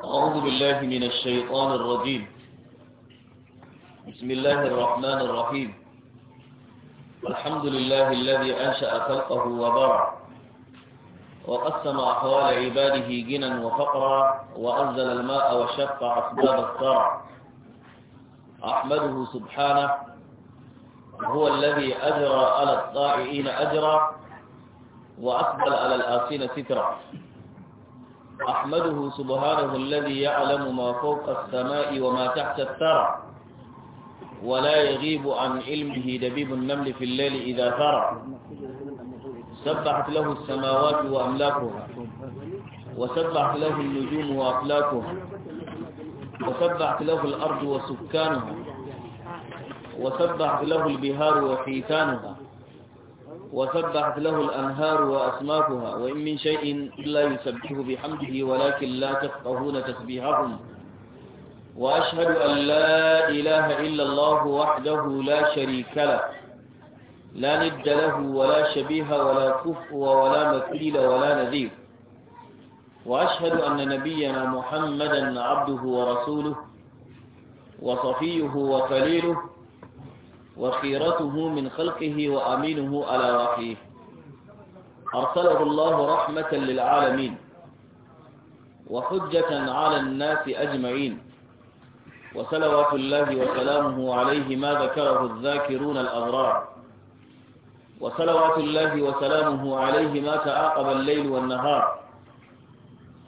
أعوذ بالله من الشيطان الرجيم بسم الله الرحمن الرحيم الحمد لله الذي أنشأ خلقه وبرع وقسم أحوال عباده جنا وفقرا وأنزل الماء وشق أسباب الصرع أحمده سبحانه هو الذي أجرى على الطائعين أجرا وأقبل على الآسين سترا أحمده سبحانه الذي يعلم ما فوق السماء وما تحت الثرى ولا يغيب عن علمه دبيب النمل في الليل إذا ثرى سبحت له السماوات وأملاكها وسبحت له النجوم وأفلاكها وسبحت له الأرض وسكانها وسبحت له البهار وحيتانها وسبحت له الأنهار وأسماكها وإن من شيء إلا يسبحه بحمده ولكن لا تفقهون تسبيحهم وأشهد أن لا إله إلا الله وحده لا شريك له لا ند له ولا شبيه ولا كفء ولا مثيل ولا نذير وأشهد أن نبينا محمدا عبده ورسوله وصفيه وخليله وخيرته من خلقه وأمينه على وحيه أرسله الله رحمة للعالمين وحجة على الناس أجمعين وصلوات الله وسلامه عليه ما ذكره الذاكرون الأضرار وصلوات الله وسلامه عليه ما تعاقب الليل والنهار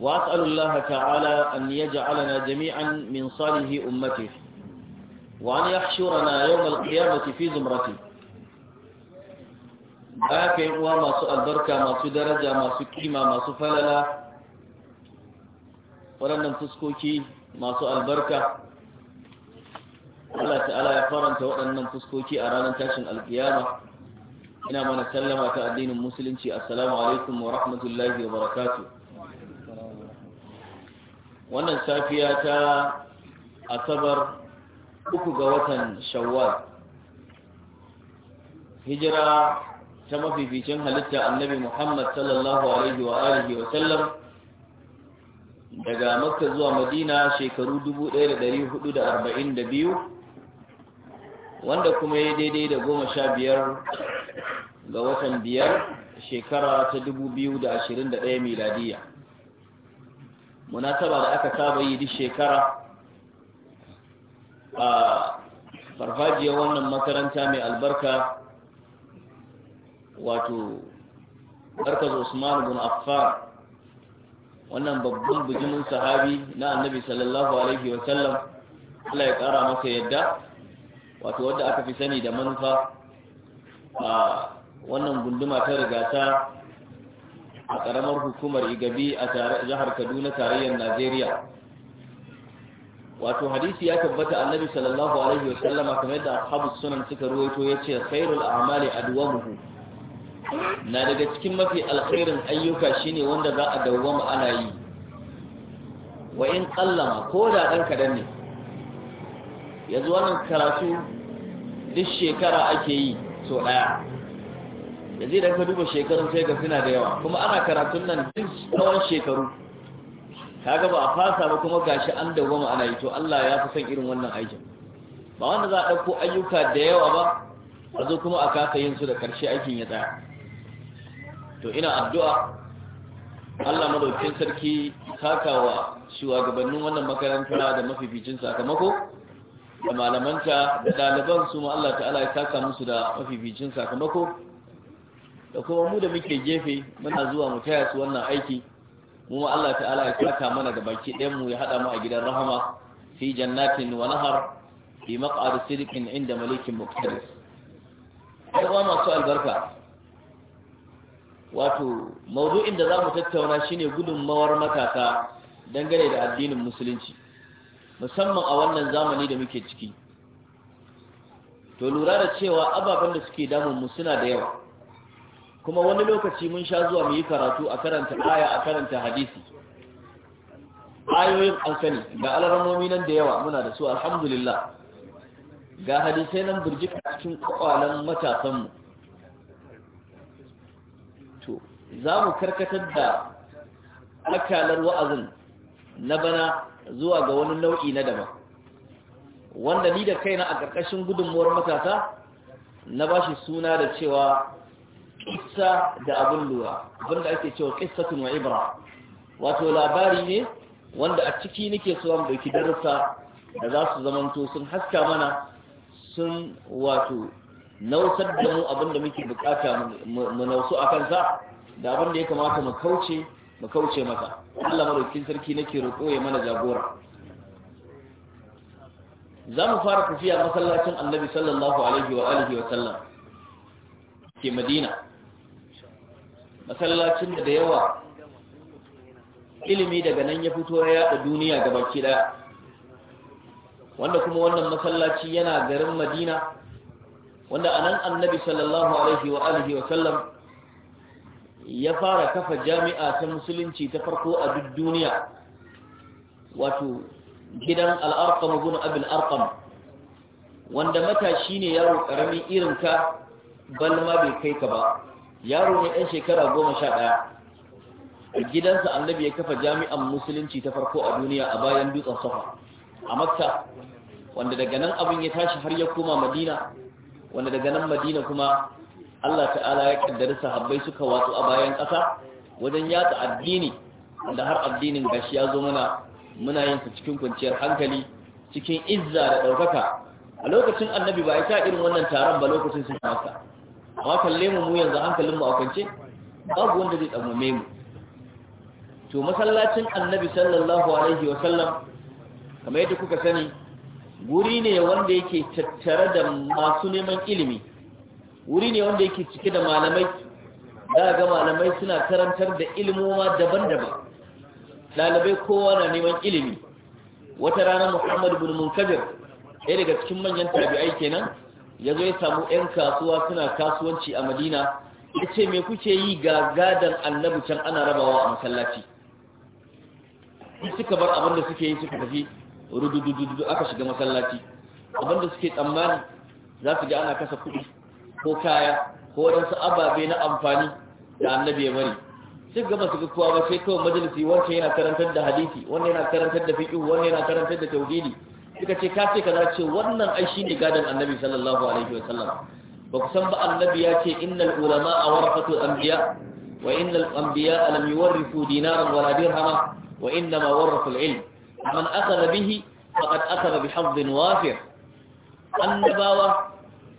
وأسأل الله تعالى أن يجعلنا جميعا من صاله أمته وأن يحشرنا يوم القيامة في زمرته haka yi uwa masu albarka masu daraja masu kima masu falala waɗannan fuskoki masu albarka Allah ta'ala ya faranta waɗannan fuskoki a ranar tashin alkiyama ina mana sallama ta addinin musulunci assalamu alaikum wa rahmatullahi wa barakatu wannan safiya ta asabar uku ga watan shawwal hijira ta mafificin halitta annabi muhammad sallallahu alaihi wa alihi wa sallam daga makka zuwa madina shekaru 1442 wanda kuma ya daidai da goma sha biyar ga watan biyar shekara ta 2021 miladiyya munasaba da aka saba yi duk shekara a farfajiyar wannan makaranta mai albarka wato barkaz Usman bin Affan wannan babban bijimin sahabi na annabi sallallahu alaihi wa Allah ya kara masa yadda wato wanda aka fi sani da manufa a wannan gunduma ta rigata a karamar hukumar Igabi a jihar Kaduna tarayyar Najeriya wato hadisi ya tabbata annabi sallallahu alaihi wa sallama kamar da ashabu sunan suka ruwaito yace khairul a'mali adwamuhu na daga cikin mafi alkhairin ayyuka shine wanda za a dawwama ana yi wa in qallama ko da dan kadan ne yanzu wannan karatu duk shekara ake yi so daya yanzu idan ka duba shekarun sai ga suna da yawa kuma ana karatun nan duk tsawon shekaru kaga ba a fasa ba kuma gashi an dawwama ana yi to Allah ya fi son irin wannan aikin ba wanda za a ɗauko ayyuka da yawa ba a zo kuma a kasa yin su da ƙarshe aikin ya tsaya to ina addu'a Allah madaukin sarki wa shugabannin wannan makaranta da mafificin sakamako da malamanta da ɗaliban su ma Allah ta'ala ya saka musu da mafificin sakamako da kuma mu da muke gefe muna zuwa mu taya su wannan aiki mu Allah ta'ala ya saka mana da baki ɗayan mu ya haɗa mu a gidan rahama fi jannatin wa nahar fi maq'ad sidqin inda malikin muqtadir yawa masu albarka wato maudu'in da zamu tattauna shine gudunmawar matasa dangane da addinin musulunci musamman a wannan zamani da muke ciki to lura da cewa ababen da suke damun mu suna da yawa kuma wani lokaci mun sha zuwa mu karatu a karanta aya a karanta hadisi ayoyin an ga alaramomi nan da yawa muna da su alhamdulillah ga hadisai nan burjika cikin kwakwalen matasanmu to za mu karkatar da akalar wa'azin na bana zuwa ga wani nau'i na daban wanda ni da kaina a ƙarƙashin gudunmuwar matasa na ba shi suna da cewa kissa da abin lura abin ake cewa kissatun wa ibra wato labari ne wanda a ciki nake so an dauki darussa da za su zamanto sun haska mana sun wato nausar da mu abin da muke bukata mu nausu a kansa da abin da ya kamata mu kauce mu kauce masa Allah madaukakin sarki nake roƙo ya mana jagora za mu fara tafiya masallacin annabi sallallahu alaihi wa alihi wa sallam ke madina masallacin da da yawa ilimi daga nan ya fito ya yada duniya ga baki daya wanda kuma wannan masallaci yana garin madina wanda anan annabi sallallahu alaihi wa alihi wa sallam ya fara kafa jami'a ta musulunci ta farko a duk duniya wato gidan al'arqam gun abin arqam wanda matashi ne yaro karami irinka balma bai kai ka ba yaro ne ɗan shekara goma sha ɗaya gidansa annabi ya kafa jami'an musulunci ta farko a duniya a bayan dutsen safa a makka wanda daga nan abin ya tashi har ya koma madina wanda daga nan madina kuma allah ta'ala ya kaddari sahabbai suka watsu a bayan ƙasa wajen yatsa addini wanda har addinin gashi ya zo mana muna yin sa cikin kwanciyar hankali cikin izza da ɗaukaka a lokacin annabi ba ya sa irin wannan taron ba lokacin sun maka amma kalle mu mu yanzu hankalin mu a kwance babu wanda zai tsammame mu to masallacin annabi sallallahu alaihi wa sallam kamar yadda kuka sani guri ne wanda yake tattare da masu neman ilimi wuri ne wanda yake cike da malamai da ga malamai suna karantar da ilmoma daban-daban ɗalibai kowa na neman ilimi wata rana muhammad bin munkadir ɗaya daga cikin manyan tabi'ai kenan ya zo ya samu 'yan kasuwa suna kasuwanci a madina ya ce me kuke yi ga gadon annabi can ana rabawa a masallaci suka bar abinda suke yi suka tafi rududududu aka shiga masallaci abinda suke tsammani za su ga ana kasa kuɗi ko kaya ko waɗansu ababe na amfani da annabi ya bari Sun gaba su kuwa ba sai kawai majalisi wancan yana karantar da hadisi wanda yana karantar da fiƙi wanda yana karantar da tauhidi suka ce ka ce kaza ce wannan ai shine gadan annabi sallallahu alaihi wasallam ba ku san ba annabi ya ce innal ulama warathatul anbiya wa innal anbiya lam yuwarrithu dinaran wala dirhama wa innama warathatul ilm man akhadha bihi faqad akhadha bi wafir annabawa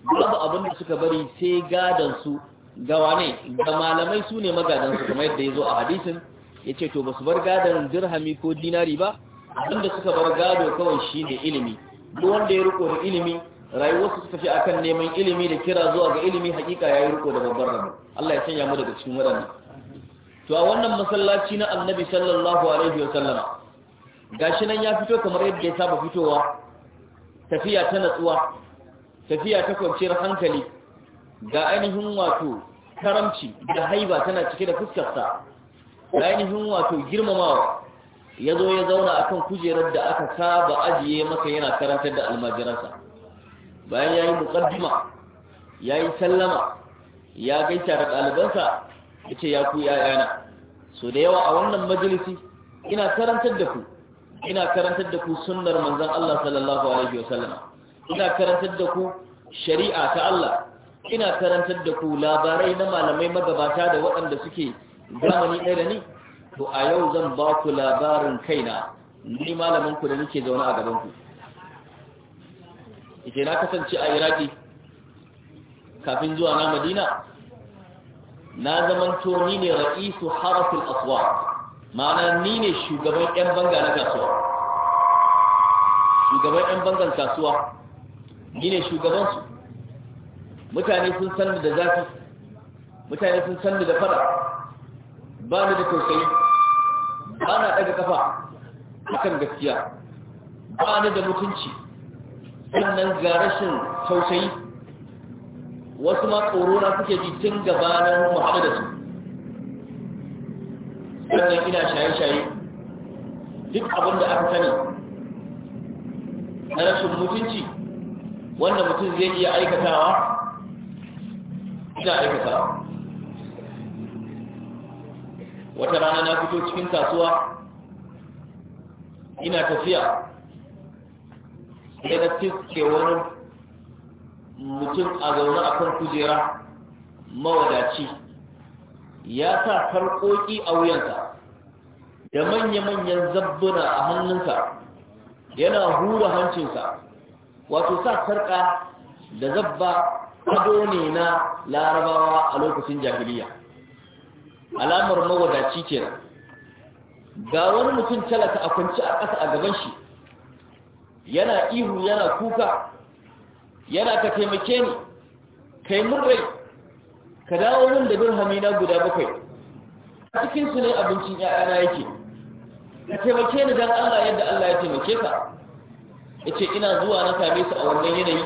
babu abin da suka bari sai gadan su ga wane ga malamai su ne magadan su kamar yadda yazo a hadisin yace to basu bar gadan dirhami ko dinari ba Abinda suka bar gado kawai ne ilimi duk wanda ya riko da ilimi su suka fi kan neman ilimi da kira zuwa ga ilimi hakika ya yi riko da babbar rabo Allah ya sanya mu daga cikin waɗannan to a wannan masallaci na Annabi sallallahu alaihi wa sallama gashi nan ya fito kamar yadda ya saba fitowa tafiya ta natsuwa tafiya ta kwanciyar hankali ga ainihin wato karamci da haiba tana cike da fuskarsa ga ainihin wato girmamawa ya zo ya zauna a kan kujerar da aka saba ajiye maka yana karantar da almajiransa bayan ya yi mukaddima ya yi sallama ya gaita da ɗalibansa ya ce ya ku ‘ya'yana so da yawa a wannan majalisi ina karantar da ku ina karantar da ku sunnar manzan Allah sallallahu alaihi wasallam ina karantar da ku shari'a ta Allah ina karantar da ku labarai na malamai magabata da waɗanda suke zamani ɗaya da ni to a yau zan ba ku labarin kaina ni malaminku da nake zaune a gabanku. ku na kasance a iraki kafin zuwa na madina na zamanto ni ne ra'isu harafin aswa ma'ana ni ne shugaban 'yan banga na kasuwa shugaban 'yan bangan kasuwa ni ne shugabansu mutane sun san da zafi mutane sun san da fada ba ni da tausayi ba na daga kafa kan gaskiya ba ni da mutunci sannan ga rashin tausayi wasu ma suke ji tun gabanin mu da su sannan ina shaye-shaye duk abin da aka sani na rashin mutunci wanda mutum zai iya aikatawa ina aikatawa wata rana na fito cikin kasuwa ina tafiya sai da tiske wani mutum a zaune a kan kujera mawadaci ya sa farƙoƙi a wuyansa da manya-manyan zabbuna a hannunsa yana hura hancinsa wato sa sarƙa da zabba ado ne na larabawa a lokacin jahiliya alamar mawadaci kenan ga wani mutum talaka a kwanci a ƙasa a gaban shi yana ihu yana kuka yana ka taimake ni kai mun ka dawo min da dirhami hamina guda bakwai a cikin ne abincin yayana yake ka taimake ni don Allah yadda Allah ya taimake ka Ya ce ina zuwa na same su a wannan yanayi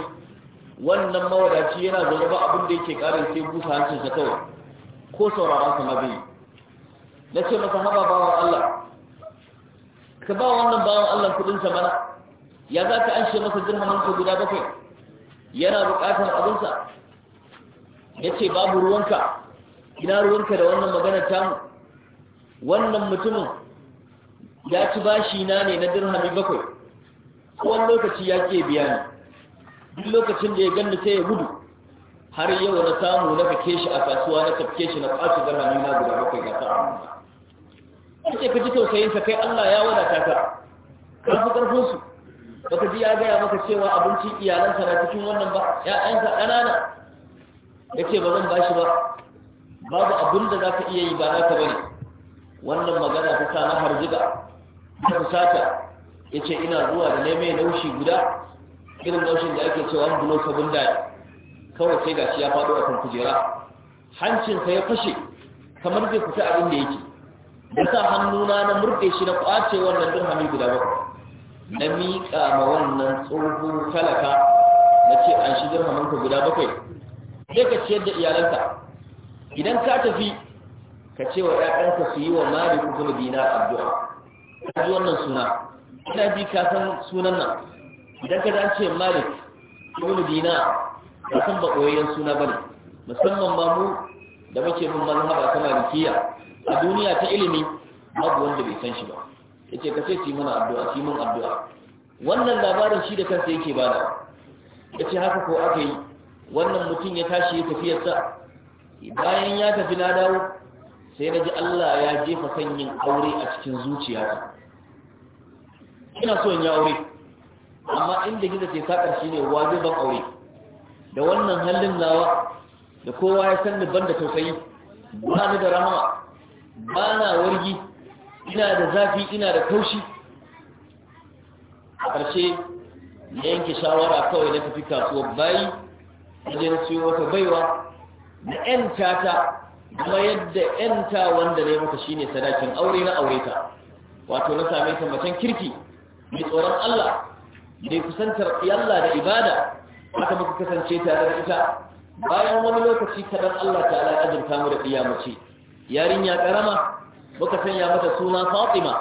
wannan mawadaci yana zaune ba abin da yake karin sai busa hancinsa kawai ko sauraron sa mabi na ce masa haba bawon Allah ka ba wannan bawan Allah kuɗin sa mana ya za ka anshe masa dirhamin ka guda bakwai yana bukatar abinsa ya ce babu ruwanka ina ruwanka da wannan maganar mu? wannan mutumin ya ci bashi na ne na dirhami bakwai kowane lokaci ya ke biya ni duk lokacin da ya ganni sai ya gudu har yau na samu na fake shi a kasuwa na tafke shi na kwace garhami na guda bakwai ga sa'a mun ce ka ji tausayin sa kai Allah ya wadata ka ka fi karfin su baka ji ya gaya maka cewa abincin iyalansa na cikin wannan ba Ya ya'yansa ƙanana ce ba zan bashi ba babu abin da ka iya yi ba naka bane wannan magana ta sa na harjiga ta fusata ce ina zuwa da neme laushi guda irin laushin da ake cewa an bulo sabon daya kawai sai gashi ya faɗo a kan kujera hancinsa ya fashe kamar zai fita abin da yake da sa hannuna na murɗe shi na ƙwace wannan hannu guda bakwai na miƙa ma wannan tsohon talaka na ce an shi dirhaminka guda bakwai sai ka ciyar da iyalanka idan ka tafi ka ce wa ‘ya'yanka su yi wa mari kuma dina addu'a ka ji wannan suna ina ji ka san sunan nan idan ka dace malik ibn dina ba san ba koyayyen suna ne musamman ba mu da muke bin mazhaba ta malikiya a duniya ta ilimi babu wanda bai san shi ba yace ka ce ci mana addu'a ci mun addu'a wannan labarin shi da kansa yake bada yace haka ko aka yi wannan mutum ya tashi ya tafiyarsa bayan ya tafi na dawo sai na ji Allah ya jefa sanyin aure a cikin zuciyata ina so in ya aure amma inda gida ke sakar shi ne wajiban aure da wannan halin nawa da kowa ya san ban da tausayi ba ni da ramawa. ba na wargi ina da zafi ina da kaushi a ƙarshe na yanke shawara kawai na tafi kasuwar bayi wajen siyo wata baiwa Da 'yan tata kuma yadda 'yanta wanda na yi mata shine sadakin aure na aure ta wato na same ta macen kirki mai tsoron Allah da kusantar Allah da ibada haka muka kasance tare da ita bayan wani lokaci kaɗan Allah ta'ala ala azurta mu da ɗiya mace yarinya ƙarama muka sanya mata suna Fatima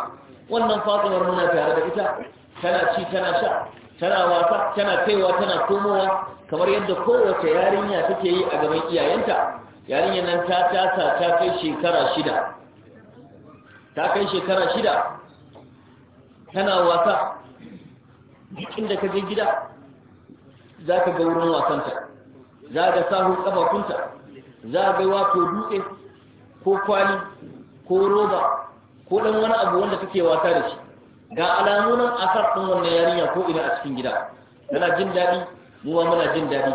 wannan Fatimar muna tare da ita tana ci tana sha tana wasa tana kaiwa tana komowa kamar yadda kowace yarinya take yi a gaban iyayenta yarinya nan ta tasa ta kai shekara shida ta kai shekara shida tana wasa duk inda ka je gida za ka ga wurin wasanta za ga sahun kafafunta za ga wato dutse ko kwali ko roba ko dan wani abu wanda kake wasa da shi ga alamu asar ɗin wannan yarinya ko ina a cikin gida tana jin daɗi mu ma muna jin daɗi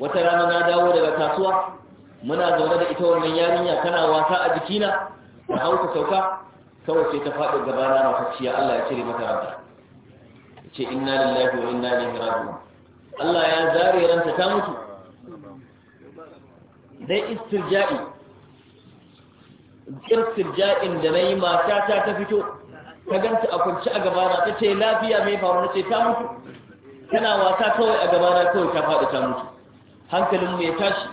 wata rana na dawo daga kasuwa muna zaune da ita wannan yarinya tana wasa a jikina Na hauka sauka kawai sai ta faɗi gabana na ciya Allah ya cire mata rabba ce inna lillahi wa inna ilaihi raji'un Allah ya zare ranta ta mutu dai istirja'i istirja'in da nayi matata ta ta fito ta ganta a kwance a gaba na tace lafiya mai faru na ce ta mutu tana wasa kawai a gaba na kawai ta faɗi ta mutu hankalin mu ya tashi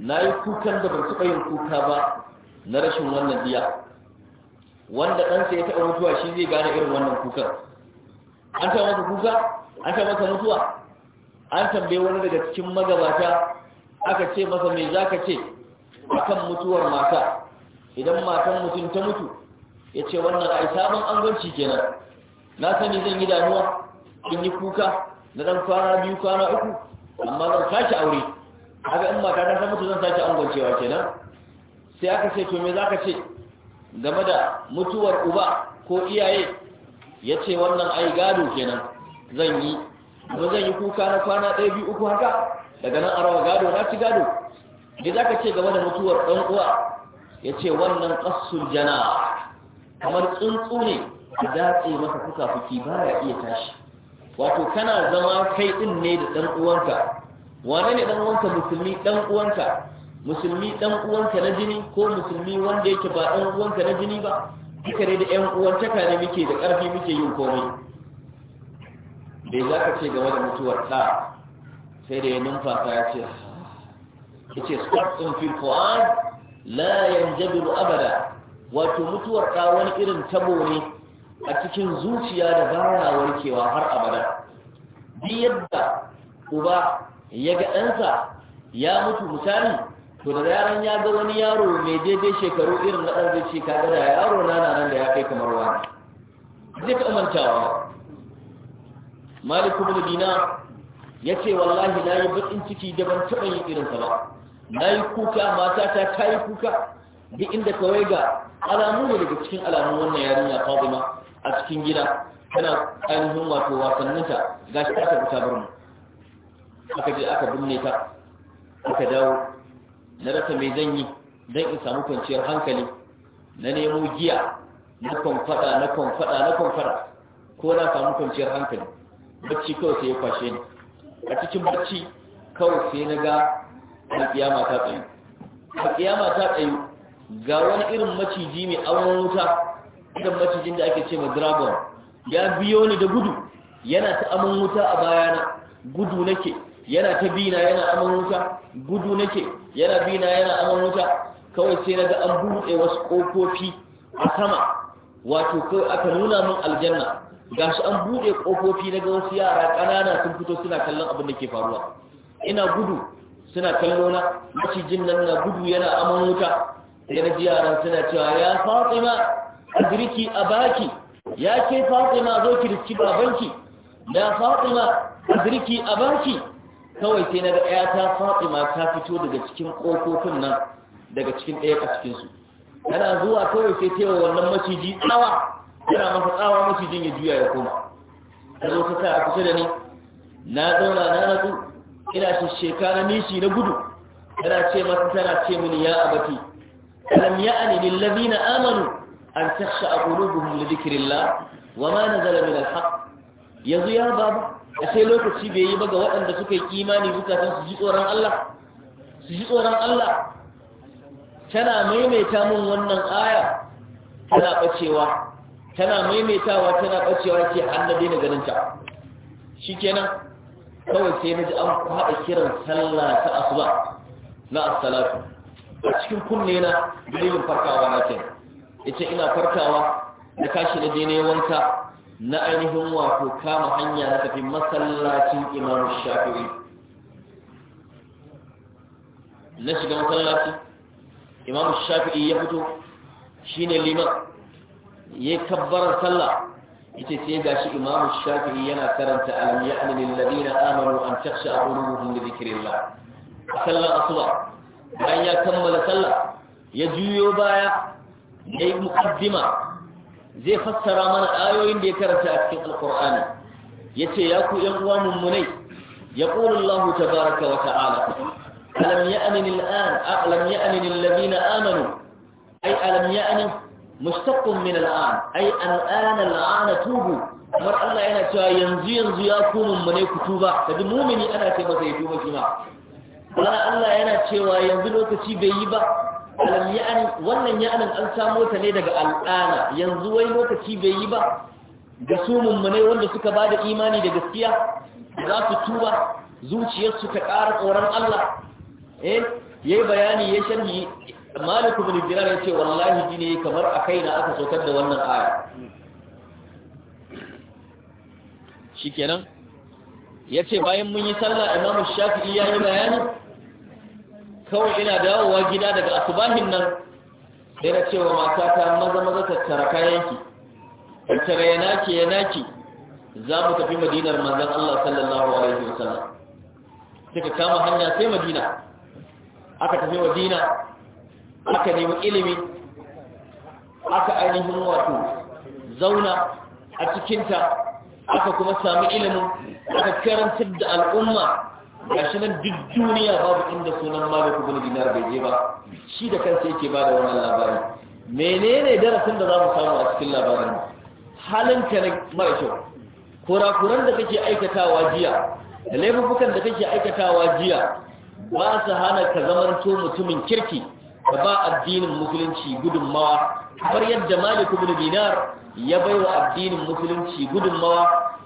nayi kukan da ban taɓa yin kuka ba na rashin wannan diya wanda ɗansa ya taɓa mutuwa shi zai gane irin wannan kukan an taɓa mutuwa kuka an taɓa masa mutuwa an tambaye wani daga cikin magabata aka ce masa me ka ce akan mutuwar mata idan matan mutum ta mutu ya ce wannan yi sabon angonci kenan na sani zan yi damuwa in yi kuka na dan kwana biyu kwana uku amma zan sake aure haka in mata ta mutu zan sake angoncewa kenan sai aka ce to me za ka ce game da mutuwar uba ko iyaye ya ce wannan a yi gado kenan zan yi don zan yi kuka na kwana ɗaya biyu uku haka daga nan arawa gado na ci gado me za ka ce game da mutuwar ɗan uwa ya ce wannan ƙasun jana kamar tsuntsu ne a datse masa fuka-fuki ba ya iya tashi wato kana zama kai ɗin ne da ɗan uwanka wane ne ɗan uwanka musulmi ɗan uwanka musulmi ɗan uwanka na jini ko musulmi wanda yake ba ɗan uwanka na jini ba duka ne da ƴan uwantaka ne muke da ƙarfi muke yin komai bai za ka ce game da mutuwar ɗa sai da ya numfasa ya ce ya ce squatting fil fu'ad la jabiru abada wato mutuwar ɗa wani irin tabo ne a cikin zuciya da bara warkewa har abada Bi yadda uba ya ga ɗansa ya mutu misali to da yaran ya ga wani yaro mai daidai shekaru irin na ɗan zai ce kaga da yaro na nan da ya kai kamar wani zai ka ba. maliku bin dina yace wallahi na yi bakin ciki da ban taba yin irin sa ba na yi kuka mata ta ta yi kuka duk inda kawai ga alamu ne daga cikin alamun wannan yarinya Fatima a cikin gida tana ainihin wato wasanninta gashi aka fita barmu mu aka je aka binne ta aka dawo na rasa mai zan yi dan in samu kwanciyar hankali na nemo giya na kwamfada na kwamfada na kwamfada ko na samu kwanciyar hankali bacci kawai sai ya kwashe ni a cikin bacci kawai sai na ga alƙiyama ta tsayu alƙiyama ta tsayu ga wani irin maciji mai auren wuta irin macijin da ake ce ma dragon ya biyo ni da gudu yana ta aman wuta a bayana gudu nake yana ta bina yana aman wuta gudu nake yana bina yana aman wuta kawai sai na ga an buɗe wasu ƙofofi a sama wato kawai aka nuna min aljanna ga shi an buɗe ƙofofi na ga wasu yara ƙanana sun fito suna kallon abin da ke faruwa ina gudu suna kallo na macijin nan na gudu yana aman wuta sai na ji yaran suna cewa ya fatima a baki. ya ke fatima zo ki riski babanki ya fatima a baki kawai sai na ga ta fatima ta fito daga cikin ƙofofin nan daga cikin ɗaya a cikinsu tana zuwa kawai sai ta wannan maciji tsawa yana masa tsawa macijin ya juya ya koma ta zo ta sa a kusa da ni na zauna na natsu ina shisheka na nishi na gudu tana ce masa tana ce mini ya abati alam ani lil ladina amanu an takhsha qulubuhum li dhikrillah wa ma nazala min al haqq yanzu ya a sai lokaci bai yi ba ga waɗanda suka yi imani zukatan su ji tsoron Allah su ji tsoron Allah tana maimaita min wannan aya tana ɓacewa. tana maimaitawa tana ɓacewa ce an na daina ganinta shi kenan kawai sai na ji an haɗa kiran sallah ta asuba na asalatu a cikin kunne na dalilin farkawa na kenan ita ina farkawa na kashi na daina wanka na ainihin wato kama hanya na tafi masallacin imam shafi'i na shiga masallaci imam shafi'i ya fito shine liman ya kabbarar sallah ita yace sai gashi imam shafi'i yana karanta alam ya'ni lil ladina amanu an takhsha qulubuhum li A sallar asuba bayan ya kammala sallah ya juyo baya ya yi muqaddima zai fassara mana ayoyin da ya karanta a cikin ya ce ya ku yan uwa mummunai yaqulu ta baraka wa ta'ala alam ya'ni aminin alam ya'ni lil ladina amanu ay alam ya'ni mustaqqun min al'an ai al'ana al'ana tubu kamar Allah yana cewa yanzu yanzu ya ku mummune ku tuba kaji mumini ana ce masa ya tuba shi ma Allah yana cewa yanzu lokaci bai yi ba alam ya'an wannan ya'anin ne daga al'ana yanzu wai lokaci bai yi ba ga su mummune wanda suka bada imani da gaskiya za su tuba zuciyarsu ta ƙara tsoron Allah eh yayi bayani ya sharhi malik ibn dinar yace wallahi jini kamar a kaina aka sokar da wannan aya shikenan yace bayan mun yi sallah imamu shafi'i ya yi bayani kawai ina dawowa gida daga asubahin nan sai na cewa matata maza maza tattara kayanki tattara ya ke yana ke za mu tafi madinar manzon Allah sallallahu alaihi wasallam suka kama hanya sai madina aka tafi madina aka nemi ilimi aka ainihin wato zauna a cikinta aka kuma sami ilimin aka karantar da al'umma ga shi nan duk duniya babu inda sunan maliku bin dinar bai je ba shi da kansa yake ba da wannan labarin menene darasin da za mu samu a cikin labarin ka na mara kyau kurakuran da kake aikatawa jiya da laifukan da kake aikatawa jiya ba su hana ka zamanto mutumin kirki da ba addinin musulunci gudunmawa kamar yadda Malik bin Dinar ya baiwa addinin musulunci gudunmawa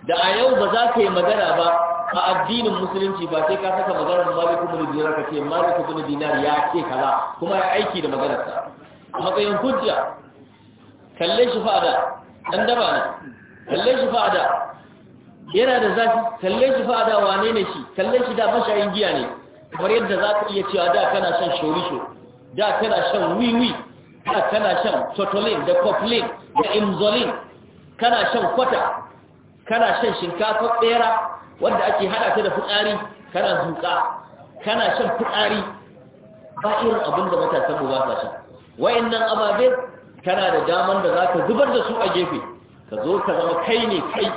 da a yau ba za ka yi magana ba a addinin musulunci ba sai ka saka maganar Malik bin Dinar ka ce Malik bin Dinar ya ce kaza kuma ya aiki da maganarsa a matsayin hujja kalle shi fa'ada dan daba ne kalle shi fa'ada yana da zafi kalle shi fa'ada wane ne shi kalle shi da mashayin giya ne kamar yadda za ka iya cewa da kana shan shori-shori. da tana shan wiwi da tana shan totolin da koflin da imzolin kana shan kwata kana shan shinkafar bera wanda ake hada ta da fitsari kana zuka kana shan fitsari ba irin abin da matasan ba sa sha wayannan ababe kana da daman da zaka zubar da su a gefe ka zo ka zama kai ne kai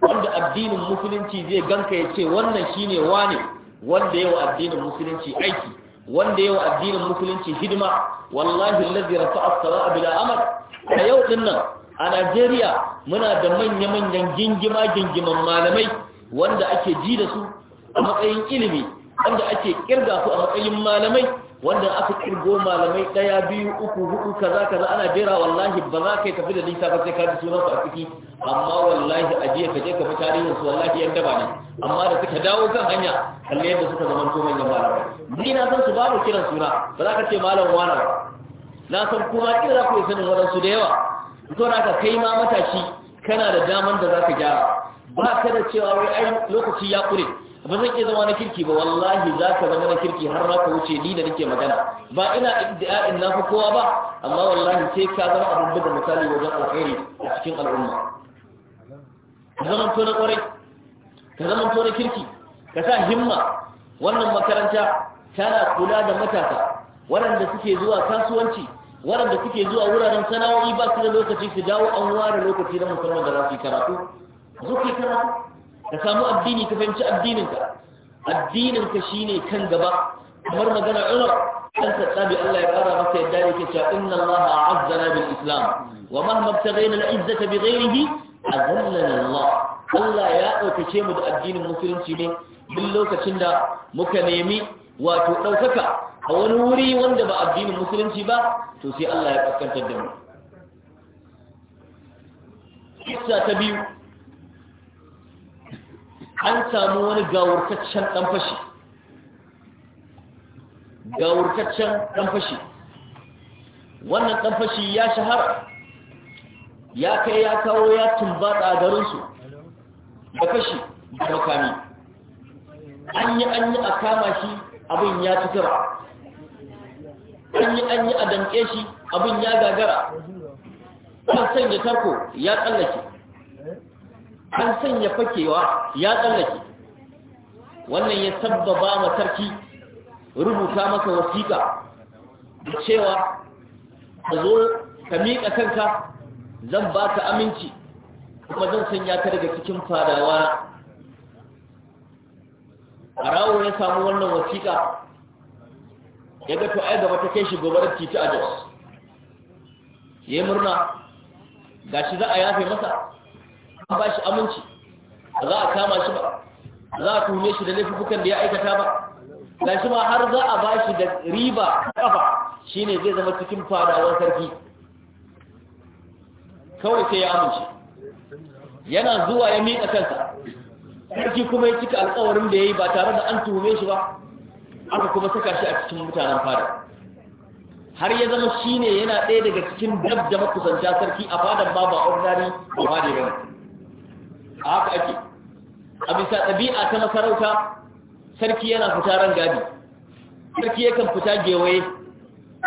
wanda addinin musulunci zai ganka ya ce wannan shine wane wanda yawa addinin musulunci aiki wanda yau addinin musulunci hidima wallahi allazi rafa'a as-sala'a bila amal a yau din nan a Najeriya muna da manya-manyan gingima gingiman malamai wanda ake ji da su a matsayin ilimi wanda ake kirga su a matsayin malamai wanda aka kirgo malamai daya biyu uku hudu kaza kaza ana jira wallahi ba za ka tafi da nisa ba sai ka ji sunan su a ciki amma wallahi a jiya ka je ka fi tarihin su wallahi yan daba ne amma da suka dawo kan hanya kalle yadda suka zama to manyan malamai ni na san su ba kiran suna ba za ka ce malam wana ba na san kuma kin za ku yi sanin waɗansu da yawa to na ka kai ma matashi kana da daman da za ka gyara ba ka da cewa wai ai lokaci ya kure ba zan iya zama na kirki ba wallahi za ka zama na kirki har ma ka wuce ni da nake magana ba ina a na fi kowa ba amma wallahi sai ka zama abin da misali wajen alkhairi a cikin al'umma ka zama to na kwarai ka zama to na kirki ka sa himma wannan makaranta tana kula da matasa waɗanda suke zuwa kasuwanci waɗanda suke zuwa wuraren sana'o'i ba su da lokaci su dawo an ware lokaci na musamman da za su yi karatu zo karatu ka samu addini ka fahimci addininka addininka shine kan gaba kamar magana Umar kan tsabi Allah ya fara masa yadda yake cewa inna Allah a'azzana bil Islam wa mahma taghayna al izzata bi ghayrihi azallana Allah Allah ya ɗaukace mu da addinin musulunci ne duk lokacin da muka nemi wato ɗaukaka, a wani wuri wanda ba addinin musulunci ba to sai Allah ya kaskantar da mu kissa ta biyu an samu wani gawurtaccen ɗan fashi gawurtaccen ɗan fashi wannan ɗan fashi ya shahara ya kai ya kawo ya tumbata a garinsu da fashi da makami an yi an yi a kama shi abin ya tutura an yi an yi a damƙe shi abin ya gagara Kan sanya tarko ya tsallake an sanya fakewa ya tsallake wannan ya sabbaba ma sarki rubuta masa wasiƙa da cewa ka zo ka miƙa kanka zan ba ka aminci kuma zan sanya ta daga cikin fadawa arawo ya samu wannan wasiƙa ya ga to ai gaba ta kai shi da titi a jos ya yi murna shi za a yafe masa a ba shi aminci za a kama shi ba za a tuhume shi da laifukan da ya aikata ba ga shi ma har za a ba shi da riba kafa shine zai zama cikin fadawan sarki kawai sai ya amince yana zuwa ya miƙa kansa sarki kuma ya cika alƙawarin da ya yi ba tare da an tuhume shi ba aka kuma saka shi a cikin mutanen fada har ya zama shi ne yana ɗaya daga cikin dab da makusanta sarki a fadan ba ba ordinary ba ne ba a haka ake a bisa ɗabi'a ta masarauta sarki yana fita ran gadi sarki yakan fita gewaye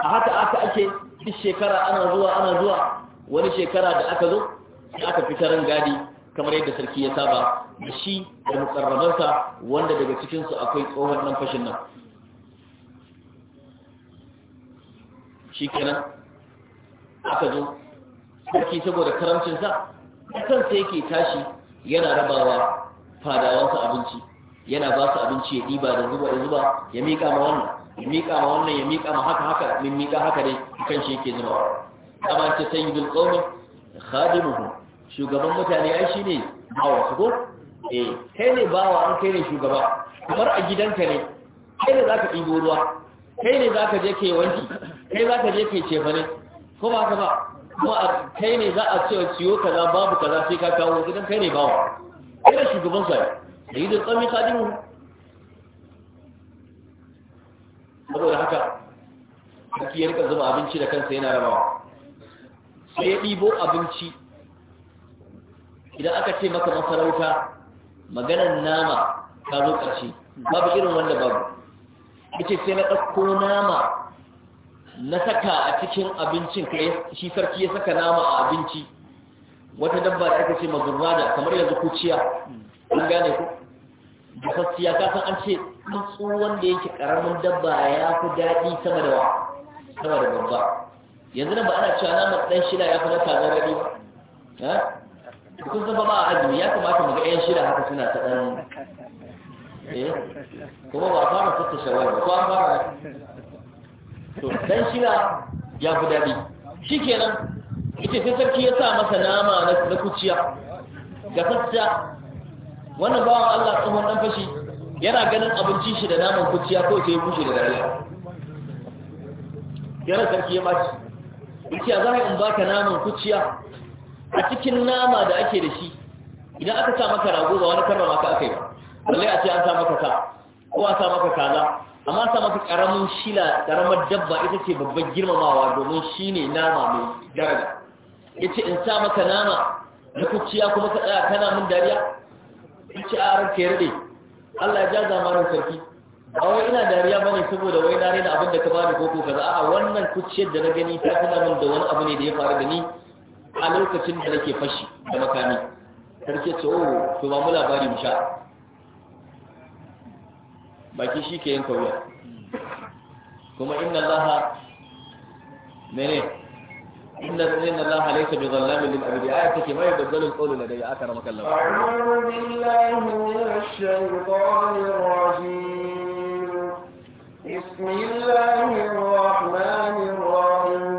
a haka aka ake duk shekara ana zuwa ana zuwa wani shekara da aka zo sai aka fita ran gadi kamar yadda sarki ya saba da shi da mukarrabansa wanda daga cikinsu akwai tsohon nan fashin nan shi kenan aka zo sarki saboda karamcinsa ya kansa yake tashi yana rabawa fadawansa abinci yana ba su abinci ya ɗiba da zuba da zuba ya miƙa ma wannan ya miƙa ma wannan ya miƙa ma haka haka min miƙa haka dai kan shi yake zuba amma ce sayyidul qawmi khadimuhu shugaban mutane ai shine bawa su ko eh kai ne bawa an kai ne shugaba kamar a gidanka ne kai ne zaka ɗibo ruwa kai ne zaka je kai wanki kai zaka je kai cefane ko ba ka ba kuma a kai ne za a ce ciwo kaza babu kaza sai ka kawo gidan kai ne Sai kai shugaban sa da yi da tsami kadimu saboda haka sarki ya rika zuba abinci da kansa yana rabawa sai ya ɗibo abinci idan aka ce maka masarauta maganan nama ka zo ƙarshe babu irin wanda babu ya ce sai na ɗauko nama na saka a cikin abincin kai shi sarki ya saka nama a abinci wata dabba da aka ce mazurrada kamar yanzu kuciya an gane ku da fassiya ka san an ce tsuntsu wanda yake karamin dabba ya fi daɗi sama da wa sama da babba yanzu nan ba ana cewa naman ɗan shida ya fi na kaza daɗi ba kun zama ba a azumi ya kamata mu ga ɗan shida haka suna ta ɗan eh? kuma ba a fara fata shawara ba ko an fara to dan shira ya fi daɗi kenan, ita sai sarki ya sa masa nama na kuciya ga sassa wannan bawan Allah tsohon dan fashi yana ganin abincin shi da naman kuciya ko sai bushe da dariya yana sarki ya mace kuciya za in baka naman kuciya a cikin nama da ake da shi idan aka sa maka rago ba wani karrama ka aka yi balle a ce an sa maka sa ko a sa maka kaza amma sa maka karamin shila karamar dabba ita ce babban girmamawa domin shi ne nama mai daraja ya ce in sa maka nama na kuciya kuma ta tsaya kana min dariya in ci a ranka rade Allah ya ja zamanin sarki a wai ina dariya ba ne saboda wai na rena abin da ka bani koko za. a wannan kuciyar da na gani ta tana min da wani abu ne da ya faru da ni a lokacin da nake fashi da makami sarki ce o oh, to ba mu labari mu sha baki shi ke yin wuya kuma inna laha mene inna inna allaha laysa bi zallamin lil abidi ayat take mai bazzalu qawlu ladai aka ramaka Allah a'udhu billahi minash shaitanir rajim bismillahir rahmanir rahim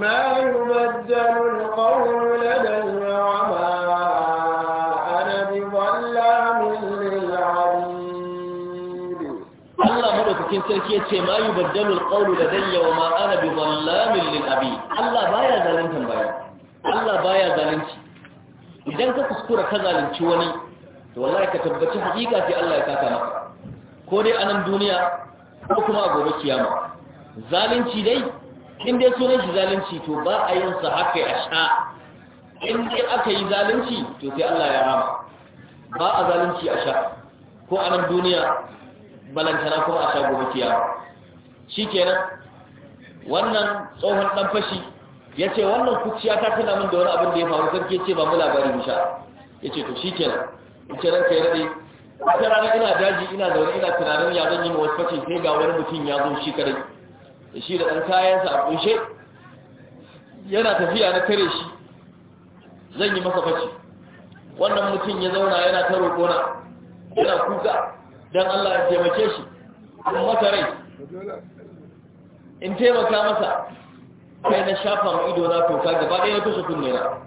ma yubaddal al qawlu sarki ya ce ma yi baddalul ƙaunu da zai danya wa ma'ana bi zallamin lil abi Allah baya zalantan baya, Allah baya zalunci idan ka kuskura ka zalunci wani to wallahi ka tabbaci hakika sai Allah ya kaka maka ko dai a nan duniya ko kuma a gobe kiyama zalunci dai in dai sunan shi zalunci to ba a yin sa haka ya sha in dai aka yi zalunci to sai Allah ya rama ba a zalunci a sha ko a nan duniya balantana kuma a sha gobe kiyama shikenan wannan tsohon dan fashi ya ce wannan kuciya ta tana min da wani abin da ya faru sarki ce ba mu labari mu sha ya ce to shikenan ce ranka ya rade wata rana ina daji ina zaune ina tunanin ya zan yi wasu fashi sai ga wani mutum ya zo shi kadai da shi da ɗan kayansa a ƙunshe yana tafiya na kare shi zan yi masa fashi wannan mutum ya zauna yana ta roƙona yana kuka don Allah ya taimake shi in masa rai in taimaka masa kai na shafa mu ido na toka gaba ɗaya na kusa kunne na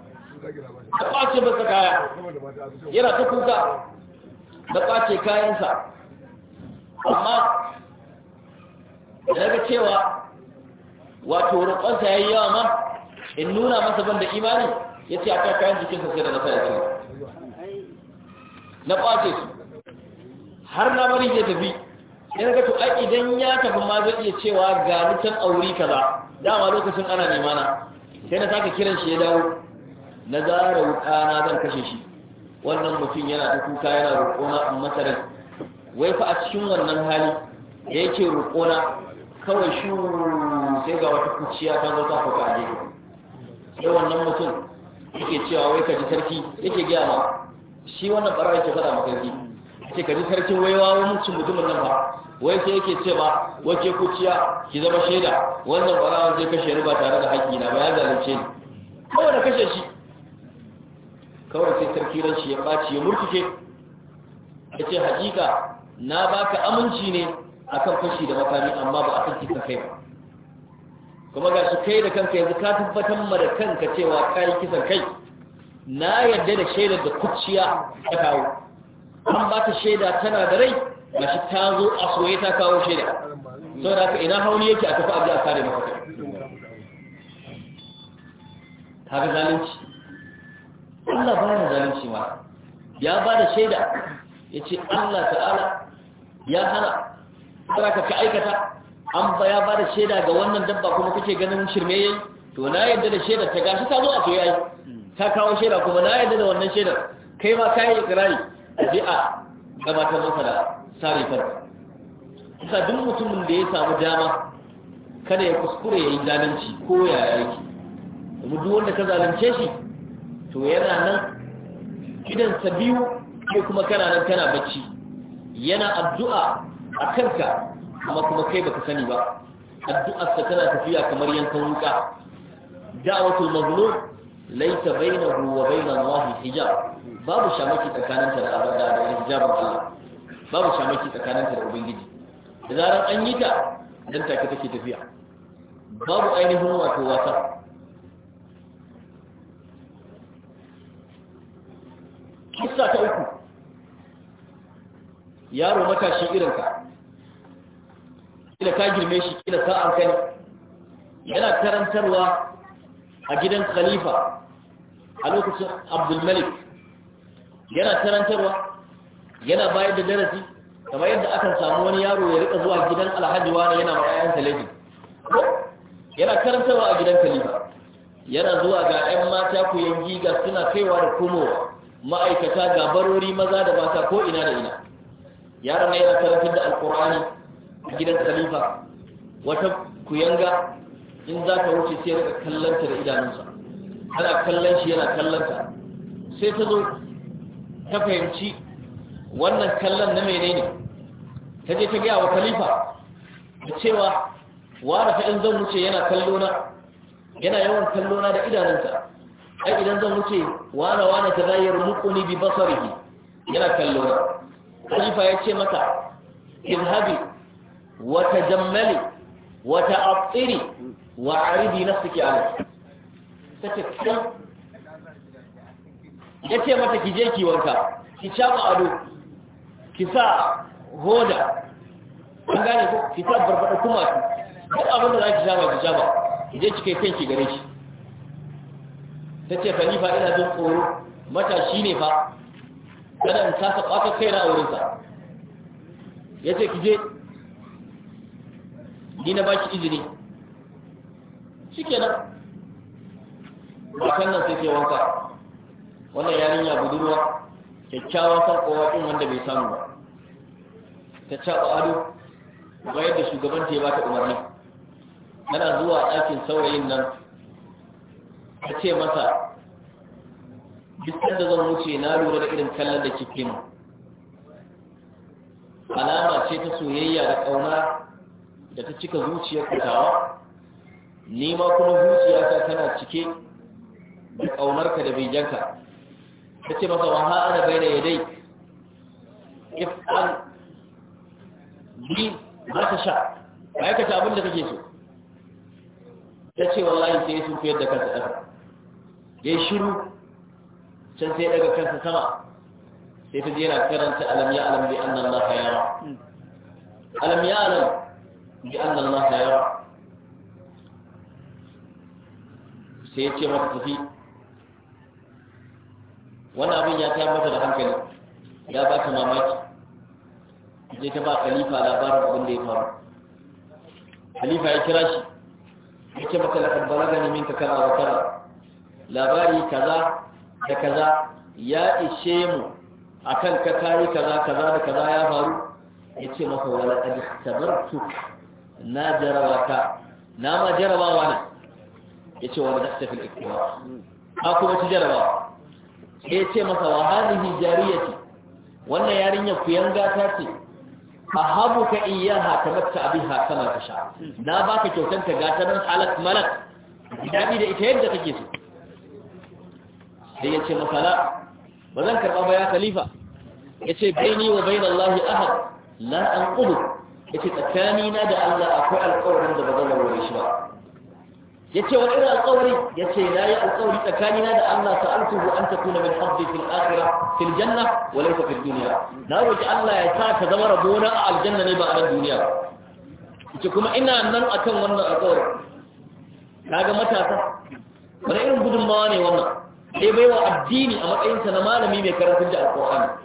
da ƙwace masa kaya yana ta kuka da ƙwace kayansa amma da daga cewa wato roƙonsa ya yi yawa ma in nuna masa ban da imani ya ce a kan kayan jikinsa sai da na sa ya ce na ƙwace su har na bari ya tafi sai ga to idan ya tafi ma zai iya cewa ga ni aure ka kaza dama lokacin ana nema na sai na saka kiran shi ya dawo na zara wuka na zan kashe shi wannan mutum yana ta kuka yana roƙona in masa wai fa a cikin wannan hali da yake roƙona kawai shi sai ga wata kuciya ta zo ta fuka a sai wannan mutum yake cewa wai ka ji sarki yake gaya ma shi wannan ɓarawa yake faɗa ma sarki ce ka ji sarkin wai waiwawa mutum mutumin nan ba wai sai yake ce ba wace kuciya ki zama shaida wannan ba zai zai kashe ni ba tare da haƙƙi na ba ya zalunce ni kawai da kashe shi kawai sai sarki ran shi ya ɓaci ya murtuke ya ce hakika na baka aminci ne akan fashi da makami amma ba a kan kai ba kuma ga shi kai da kanka yanzu ka tabbatar ma da kanka cewa ka kisan kai na yadda da shaidar da kuciya ta kawo an ba ta shaida tana da rai ga ta zo a soye ta kawo shaida sau da haka ina hauni yake a tafi abu a kare maka ta ga zalunci Allah ba ya zalunci ma ya ba da shaida ya ce Allah ta'ala ya hana sau ka ka aikata an ba ya ba da shaida ga wannan dabba kuma kake ganin shirme yayi to na yadda da shaida ta gashi ta zo a soye ta kawo shaida kuma na yadda da wannan shaidar kai ma ka yi ikirari a gabatar masa da sari farko kusa duk mutumin da ya samu dama kada ya kuskure ya yi zalunci ko ya yake domin duk wanda ka zalunce shi to yana nan sa biyu ko kuma kana nan kana bacci yana addu'a a kanka amma kuma kai baka sani ba addu'arsa tana tafiya kamar yankan wuka da'awatul mazlum laita bainahu wa bain Allah hijab babu shamaki tsakaninta da abada da hijabin Allah babu shamaki tsakaninta da ubangiji da zarar an yi ta dan take take tafiya babu ainihin wato wasa kissa ta uku yaro matashi ka. kila ka girme shi kila sa'an kai yana karantarwa a gidan khalifa a lokacin abdulmalik yana tarantarwa yana bayar da darasi kamar yadda aka samu wani yaro ya rika zuwa gidan alhaji wani yana bayan talabi yana karantarwa a gidan khalifa yana zuwa ga 'yan mata ku yangi ga suna kaiwa da komowa ma'aikata ga barori maza da mata ko ina da ina yaron yana karantar da alkur'ani a gidan khalifa wata kuyanga in za ka wuce sai ka kallon da idanunsa ana kallon shi yana kallon sai ta zo ta fahimci wannan kallon na menene ta je ta gaya wa khalifa da cewa wa da in zan wuce yana kallona yana yawan kallona da idanunsa ai idan zan wuce wara wara ta zayar mukuni bi basarihi yana kallona khalifa ya ce mata izhabi wa tajammali wata afiri wa aridi nafsiki ala sace kan ce mata ki je ki wanka ki chaba ado ki sa hoda an gane ko ki sa barbada kuma ki duk abin da zaki chaba ki chaba ki je ki kai kanki gare shi tace fa ni fa ina jin tsoro matashi ne fa kada in kasa kwata kaina a wurinsa ce ki je ni na baki izini shikenan matan nan sai ke wanka wannan yarinya budurwa kyakkyawan sarkowa ɗin wanda bai samu ba ta caɓa ado ba yadda shugaban ta ya bata umarni Yana zuwa ɗakin saurayin nan ta ce masa duk da zan wuce na lura da irin kallon da kifin alama ce ta soyayya da ƙauna da ta cika zuciyar kutawa ni ma kuma zuciyata tana cike da ƙaunarka da bijanka ta ce masa waha ana bai da yadai if an bi za ka sha ba ya kata abinda kake so ta ce wallahi sai sun fiye da kansa ɗasa ya shiru can sai daga kansa sama sai ta jera karanta alam ya alam bi annan na hayara hmm. alam ya alam بأن الله يرى سيتي مرتفي وانا أبين ياتي مثل هنكلي يا باك ya je ta ba khalifa labarin abin da ya faru khalifa ya kira shi ya ce mata laƙar balaga ne minka kaza wa kaza labari kaza da kaza ya ishe mu A kan ka kare kaza kaza da kaza ya faru ya ce maka wala qad tuk. na jarawata na ma jarabawa na ya ce wani dakta fil iktiwa a kuma ci jaraba. ya ce masa wa hadihi jariyati wannan yarinyar ku yanga ta ce haka iyyaha abin haka kama tasha na baka kyautan ta gatarin halak malak dadi da ita yadda kake so sai ya ce masala ba zan karba ba ya khalifa bai baini wa bai bain Allah ahad an anqudu yace tsakani na da Allah akwai alƙawarin da ba zan warware shi ba yace wani irin alƙawari yace na yi alƙawari tsakani na da Allah sa'altuhu an takuna min haddi fil akhirah fil janna wa laysa fil dunya na roki Allah ya sa ka zama rabona a aljanna ne ba a nan duniya yace kuma ina nan akan wannan alƙawari kaga matasa wani irin gudunmawa ne wannan dai baiwa addini a matsayinsa na malami mai karatun da alƙur'ani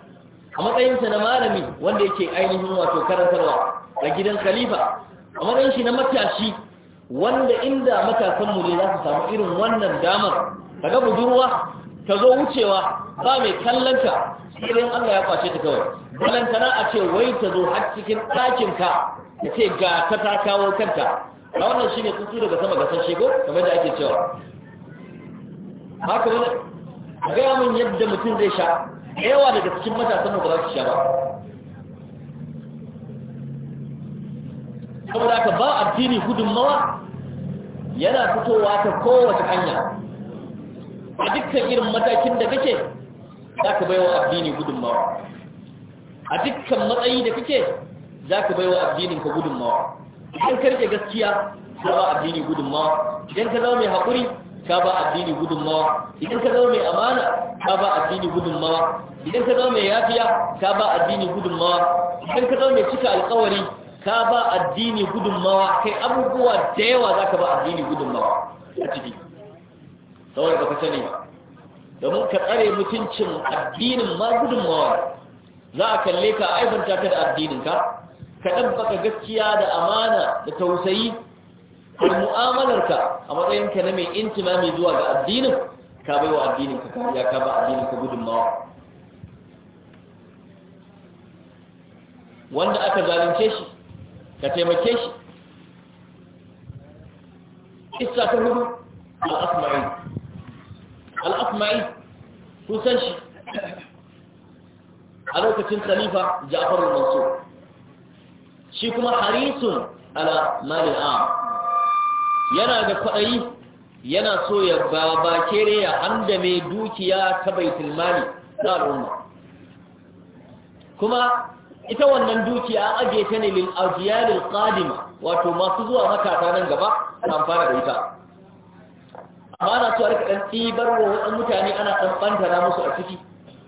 a matsayinsa na malami wanda yake ainihin wato karantarwa a gidan khalifa a matsayin shi na matashi wanda inda matasanmu ne za su samu irin wannan damar kaga budurwa ta zo wucewa ba mai kallonta irin Allah ya kwace ta kawai balantana a ce wai ta zo har cikin ɗakinka ta ce ga ta ta kawo kanta a wannan shine tutu daga sama gasar shego ko kamar da ake cewa haka wani gaya min yadda mutum zai sha yawa daga cikin matasan ba za su sha ba saboda ka ba addini gudunmawa yana fitowa ta kowace hanya a dukkan irin matakin da kake za ka baiwa addini gudunmawa a dukkan matsayi da kake za ka baiwa addininka gudunmawa idan karke gaskiya za ba addini gudunmawa idan ka zama mai haƙuri ka ba addini gudunmawa idan ka zama mai amana ka ba addini gudunmawa idan ka zama mai yafiya ka ba addini gudunmawa idan ka zama mai cika alkawari ka ba addini gudunmawa kai abubuwa da yawa za ka ba addini gudunmawa a ciki saboda ka sani ba domin ka tsare mutuncin addinin ma gudunmawa za a kalle ka aibanta ta da addininka ka ɗabbaka gaskiya da amana da tausayi da mu'amalarka a matsayinka na mai intima mai zuwa ga addinin ka bai wa addinin ka kariya ka ba addinin ka gudunmawa wanda aka zalunce shi ka taimake shi isa ta hudu al-asma'i al-asma'i kusan shi a lokacin khalifa ja'afar mansur shi kuma harisun ala malil am yana da kwaɗayi yana so ya babakere ya handame dukiya ta baitul mali na al'umma kuma ita wannan dukiya a ajiye ta ne lil ajiyalil qadima wato masu zuwa matasa nan gaba ta amfana da ita amma ana so a rika ɗan tsibar wa wadannan mutane ana dan bantara musu a ciki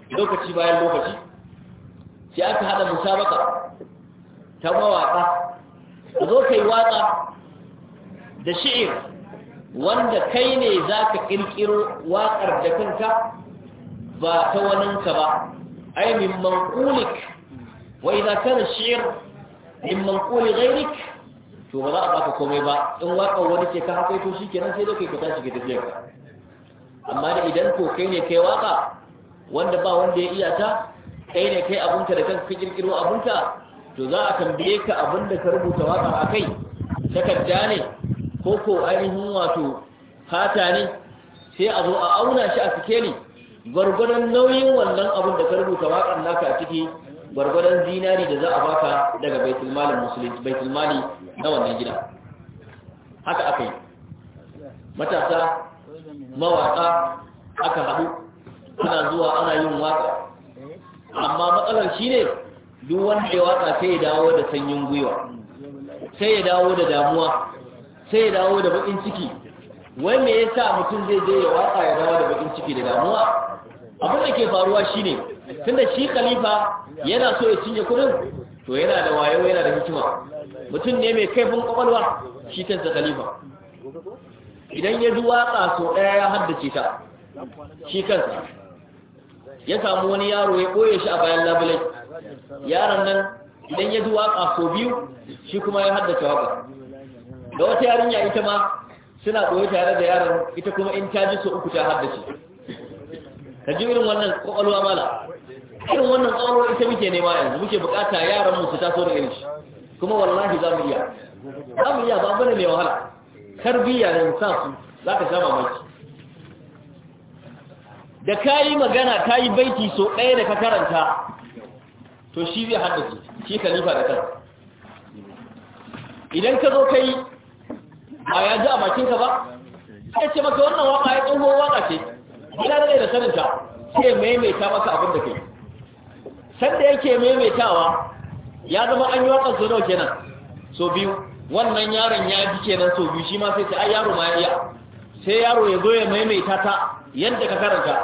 lokaci bayan lokaci sai aka hada musabaka ta mawaka zo kai waka da shi'ir wanda kai ne za ka ƙirƙiro waƙar da kanka ba ta waninka ba ai min manqulik wa idza kana shi'r min manqul ghayrik to ba za a baka komai ba in waƙar wani ke ka haka to nan sai dai ka tashi ka tafi amma da idan ko kai ne kai waƙa wanda ba wanda ya iya ta kai ne kai abunka da kanka ka kirkiro abunka to za a tambaye ka abin da ka rubuta waƙar a kai takarda ne ko ko ainihin wato fata ne sai a zo a auna shi a sikeli gwargwadon nauyin wannan abin da ka rubuta waƙar naka a ciki gwargwadon zinari da za a baka daga baitulmalin musulunci baitulmali na wannan gida haka aka yi matasa mawaƙa aka haɗu ana zuwa ana yin waƙa amma matsalar shi ne duk wanda ya waƙa sai ya dawo da sanyin gwiwa sai ya dawo da damuwa sai ya dawo da bakin ciki wai me yasa mutum zai je ya watsa ya dawo da bakin ciki da damuwa abin da ke faruwa shine tunda shi khalifa yana so ya cinye kudin to yana da wayo yana da hikima mutum ne mai kaifin kwakwalwa shi kansa khalifa idan ya ji waka so daya ya haddace ta shi kansa ya samu wani yaro ya koye shi a bayan labulai yaron nan idan ya ji waka so biyu shi kuma ya haddace waka da wata yarinya ita ma suna ɗoye tare da yaron ita kuma in ta ji su uku ta haddace ka ji irin wannan kwakwalwa mala irin wannan ƙwaƙwalwa ita muke nema yanzu muke buƙata yaran mu su taso da irin shi kuma wallahi za mu iya za mu iya ba ne mai wahala tarbiyya da sa su za ka sama mai da ka magana kayi baiti so ɗaya da ka karanta to shi zai haddace shi kalifa da kansa idan ka zo ka ba ya ji a bakinka ba sai ce maka wannan waka ya tsoho waka ce da rage da saninta sai maimaita maka abin da kai sanda yake maimaitawa ya zama an yi wakan so nawa kenan so biyu wannan yaron ya ji kenan so biyu shi ma sai ce ai yaro ma ya iya sai yaro ya zo ya maimaita ta yadda ka karanta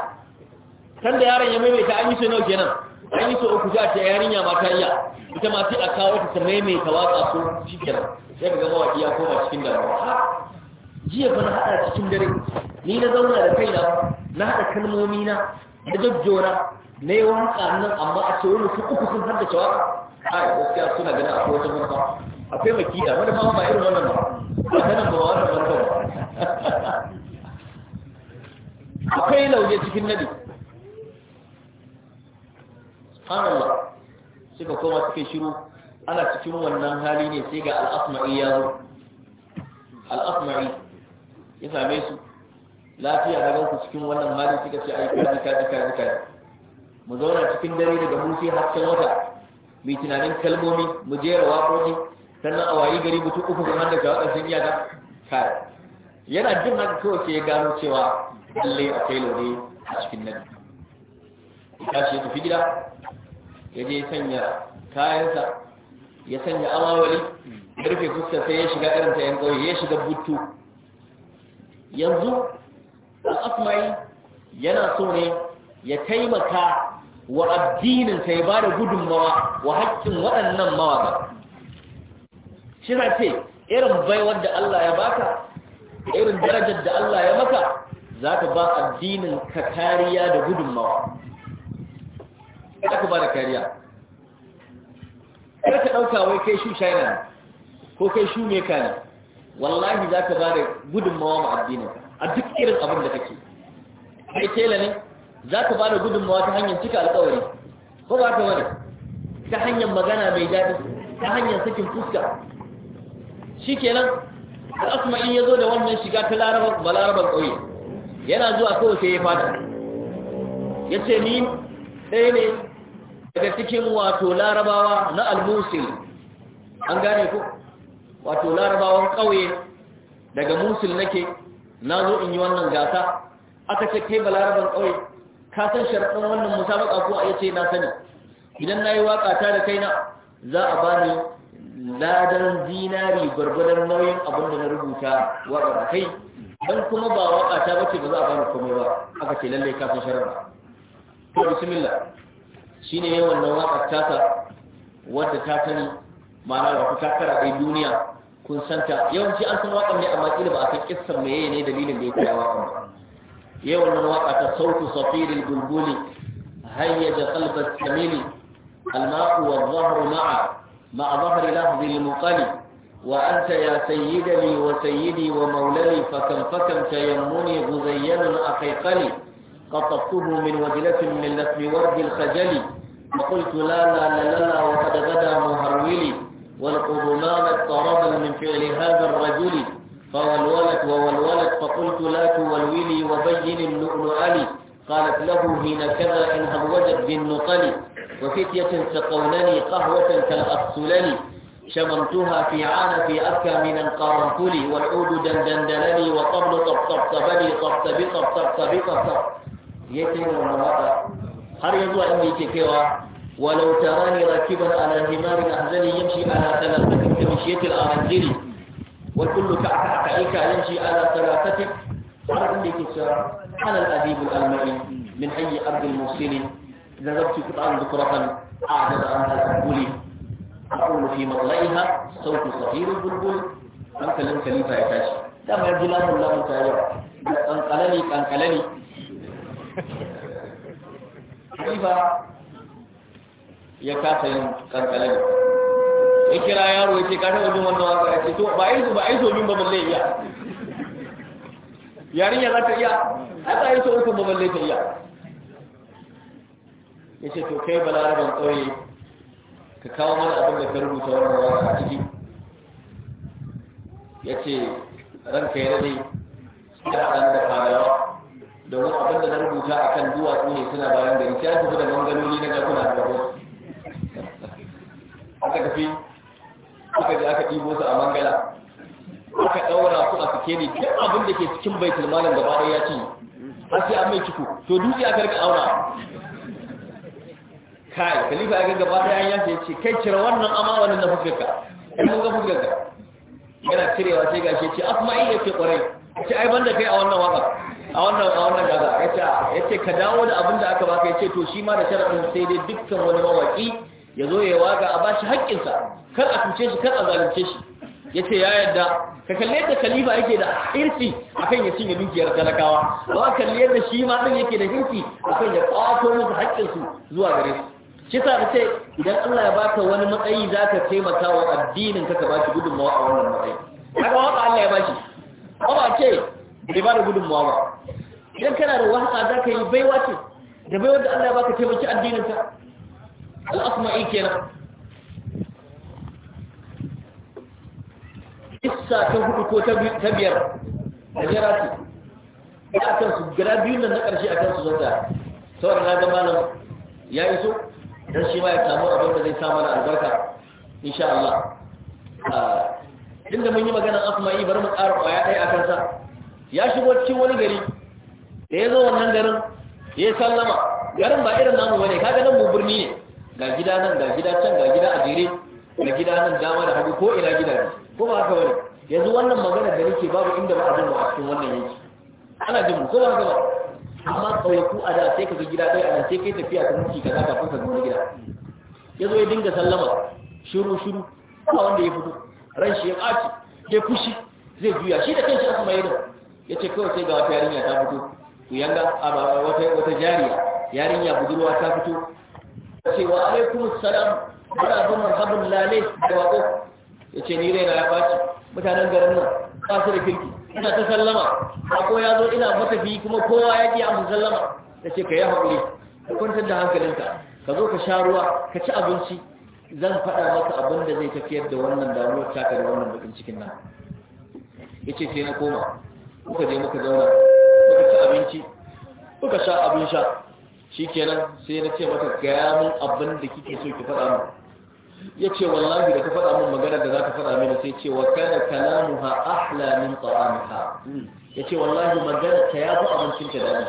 sanda yaron ya maimaita an yi so nawa kenan an yi so uku za ce yarinya ma ta iya ita ma sai a kawo ta maimaita waka so shi kenan sai ka ga mawaki ya koma cikin damuwa jiya ba na haɗa cikin dare ni na zauna da kaina na haɗa kalmomi na na jajjona na yi wanka nan amma a ce wani su uku sun haddace waka a gaskiya suna ganin akwai wata manufa akwai makida wani ma ba irin wannan ba ba nan ba wannan ba ba akwai lauje cikin nabi subhanallah suka koma suka shiru ana cikin wannan hali ne sai ga al'asma'i ya zo al'asma'i ya same su lafiya na ganku cikin wannan hali suka ce ai kaji kaji kaji kaji mu zauna cikin dare daga mun sai hasken wata mai tunanin kalmomi mu jera waƙoƙi sannan a wayi gari mutum uku kuma da ga waɗansu iyaka kare yana jin haka kawai sai ya gano cewa lalle kai lore a cikin nan ya tashi ya tafi gida ya je sanya kayansa ya sanya amawali ya rufe fuskar sai ya shiga irin ta yan ƙauye ya shiga butu. yanzu al'asmai yana so ne ya taimaka wa addinin sai ba da gudunmawa wa haƙƙin waɗannan mawaka. shi na ce irin baiwar da Allah ya baka irin darajar da Allah ya maka za ka ba addinin ka kariya da gudunmawa za ka ba da kariya kar ka ɗauka wai kai shu shaina ko kai shu ne ka ne wallahi za ka ba da gudunmawa ma addini a duk irin abin da kake kai tela ne za ka ba da gudunmawa ta hanyar cika alƙawari, ko ba ta wani ta hanyar magana mai daɗi ta hanyar sakin fuska shi kenan asma in ya zo da wannan shiga ta Laraba larabar laraba ƙauye yana zuwa kawai sai ya fada ya ce ni ɗaya ne daga cikin wato larabawa na al-musil an gane ku wato larabawan ƙauye daga musil nake nazo in yi wannan gasa aka ce ke ba laraban ƙauye ka san sharadin wannan musabaka ko a ce na sani idan nayi yi ta da kaina za a bani ni ladan zinari gurgurar nauyin abin da na rubuta waƙa da kai don kuma ba waka ta bace ba za a ba ni komai ba aka ce lallai ka san sharadin bismillah shi ne wannan waƙar tasa wadda ta sani ma'ana da kuka kara ɗai duniya kun santa yawanci an san waƙar ne amma ƙila ba a san ƙissar mai yayi ne dalilin da ya kula waƙar ba yau wannan waƙa ta sauku safirin bulbuli hayya da kalbar tamili alma'u wa zahru ma'a ma'a zahri lahzi lmuqali wa anta ya sayyidani wa sayyidi wa maulali fakan fakan tayammuni huzayyanun a kaiƙali قطفته من وجلة من لسم ورد الخجل فقلت لا لا لا لا وقد غدا مهرولي والقضمان اضطربا من فعل هذا الرجل فولولت وولولت فقلت لا تولولي وبين النؤلؤلي قالت له حين كذا إن هوجت بالنقل وفتية سقونني قهوة كالأقسلني شممتها في عان في أبكى من القرنفل والعود دندندلني وطبل طبطبطبني طبطبطبطبطبطب ya kai wa har ya zuwa inda yake kaiwa walau tarani rakiban ala himar ahzali yamshi ala thalathatin ka mishyatil ahzali wa kullu ka'aka ka'ika yamshi ala thalathatin har inda yake cewa ana al-adib al-almani min hayy abd al-muslim a قطعا ذكرة أعجز عنها البلبل أقول في مطلعها صوت صفير البلبل أنت لم تليفها يا تاشي dama yanzu lamun lamun ta yawa kankalani kankalani ba ya kasa yin kankalin ya kira yaro ya ce ka taɓa jin wannan waka ya ce to ba yi ba yi so min ba balle iya yarinya za ta iya ai ba yi so uku ba balle ta iya ya ce to kai balarabin ƙauye ka kawo mana abin da ka rubuta wannan waka a ciki ya ce ranka ya dai ya ɗan da fadawa da wani abin da na rubuta a kan duwatsu ne suna bayan gari sai an tafi da gangarori na gaguna da gabo aka tafi aka je aka ɗibo su a mangala aka ɗaura su a ne duk abin da ke cikin bai malam gaba ɗaya ya ce har sai an mai ciko to dutse a rika aura kai khalifa ya ga gaba ɗaya ya ce kai cire wannan amma wannan na fuskarka mun ga fuskarka yana cirewa sai gashi ce asma'i yake kwarai ce ai banda kai a wannan waka a wannan a wannan gaza ya ce ka dawo da abin da aka baka ya ce to shi ma da sharadin sai dai dukkan wani mawaƙi ya zo ya waga a bashi haƙƙinsa kar a cuce shi kar a zalunce shi ya ce ya yadda ka kalle da khalifa yake da irsi akan ya cinye dukiyar talakawa ba kalle da shi ma din yake da irsi akan ya kwato musu haƙƙinsu zuwa gare su shi sa ce idan Allah ya baka wani matsayi zaka taimaka wa addinin ka ka baki gudunmawa a wannan matsayi kaga wa Allah ya bashi ba ce bai ba da gudunmawa ba idan kana da wahaka za ka yi baiwa ce da baiwar da Allah ya baka taimaki addininka al'asma'i kenan kissa ta hudu ko ta biyar da jira ce ya kan su gara biyun nan na ƙarshe a kan su zauta sauran na ga malam ya iso don shi ma ya samu abin da zai samu mana albarka insha Allah ah, inda mun yi maganar asma'i bari mu ƙara ƙwaya ɗaya a kansa ya shigo cikin wani gari da ya zo wannan garin ya sallama garin ba irin namu bane kaga nan mu birni ne ga gida nan ga gida can ga gida a jere ga gida nan dama da hagu ko ina gida ne ko ba haka bane yanzu wannan magana da nake babu inda ba a jin a cikin wannan yanki ana jin ko ba haka amma kauyaku a da sai ka ga gida ɗaya a nan sai kai tafiya ta mutu kaza kafin ka fasa wani gida ya zo ya dinga sallama shiru shiru ba wanda ya fito ran shi ya ɓaci ya fushi zai juya shi da kanshi aka yi ya ce kawai sai ga wata yarinya ta fito yanga wata wata jariya yarinya budurwa ta fito ce wa alaikum assalam ana ban marhaban lale da wako yace ni raina ya baci mutanen garin nan ba su da kirki ina ta sallama bako ya zo ina matafi kuma kowa ya ki amsa sallama ka kai hakuri ka kwantar da hankalinka ka zo ka sha ruwa ka ci abinci zan faɗa maka abin da zai tafiyar da wannan damuwar taka da wannan bakin cikin nan yace sai na koma muka je muka zauna ka abinci kuka sha abin sha Shi kenan sai na ce maka gaya min abin da kike so ki faɗa min ya ce wallahi da ka faɗa min magana da za ka faɗa mini sai ce wa kana kalamuha ahla min ta'amiha ya ce wallahi magana ta ya fi abincin ta daɗi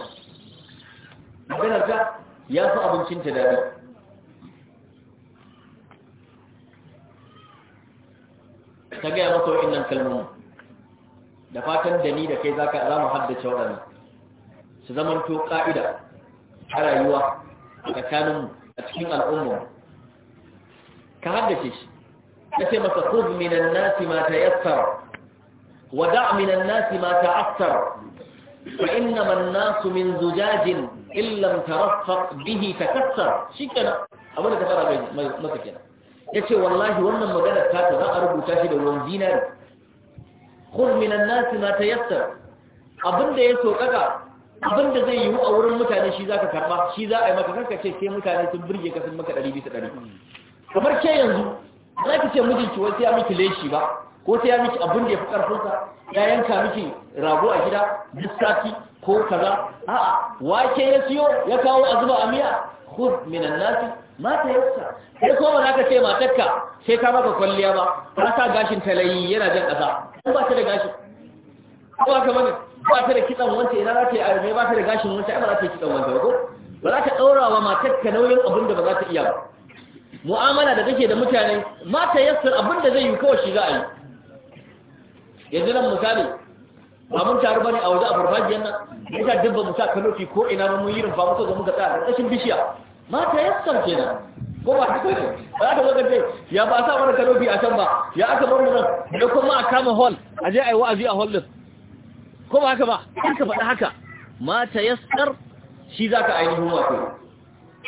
maganar ta ya fi abincin ta daɗi ta gaya masa wa'innan kalmomin da fatan da ni da kai za mu haddace waɗannan su zamanto ƙa'ida, a rayuwa a cikin al'ummar. ka haddace shi ya ce masa khudh minan nasi ma tayassara wa minan nasi ma ta'assara fa innama an-nasu min zujajin illam tarafa bihi takassara shikenan abin da ta fara mai maka Ya yace wallahi wannan magana ta ta za a rubuta shi da ruwan zinari khudh minan nasi ma tayassara abin da ya sokaka abin da zai yiwu a wurin mutane shi za ka karba shi za a yi maka kanka ce sai mutane sun burge ka sun maka ɗari bisa ɗari kamar ke yanzu za ki ce mijinki wasu ya miki leshi ba ko ta ya miki abin da ya fi ƙarfinsa ya yanka miki rago a gida duk sati ko kaza a'a wake ya siyo ya kawo a zuba a miya ko minan nasi mata sa. sai ko ba ka ce matakka sai ka maka kwalliya ba ka sa gashin talayi yana jan ƙasa ko ba ta da gashi ba ka ba ta da kitsan wanta ina za ta yi arme ba ta da gashin wanta ai ba za ta yi kitsan wanta ba ko ba za ta ɗaura wa matar ka nauyin abin da ba za ta iya ba mu'amala da kake da mutane mata yassar abin da zai yi kawai shiga a yi yanzu nan misali ba mun taru bane a waje a farfajiyar nan mun ta dubba mu sa kanofi ko ina ma mun yi rumfa muka zo muka tsaya ƙarƙashin bishiya mata yassar kenan ko ba haka ne ba za ta zo kace ya ba sa mana kanofi a can ba ya aka bar mu nan da kuma a kama hall a je a yi wa'azi a hall din ko ba haka ba in ka faɗi haka mata yassar shi za ka ainihin wato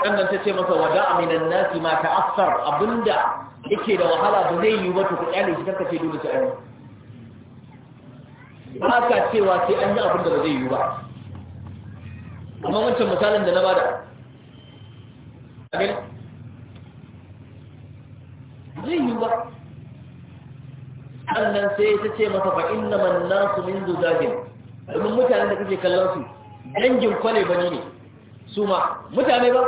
sannan ta ce masa wada aminan nasi ma ta'assar abinda yake da wahala ba zai yi ba to ku kyale shi karka ce dole sai an ba ka cewa sai an yi abinda ba zai yi ba amma wancan misalin da na bada zai yi ba sannan sai ta ce masa fa innaman nasu min zuzajin domin mutanen da kake kallon su dangin kwale bani ne su ma mutane ba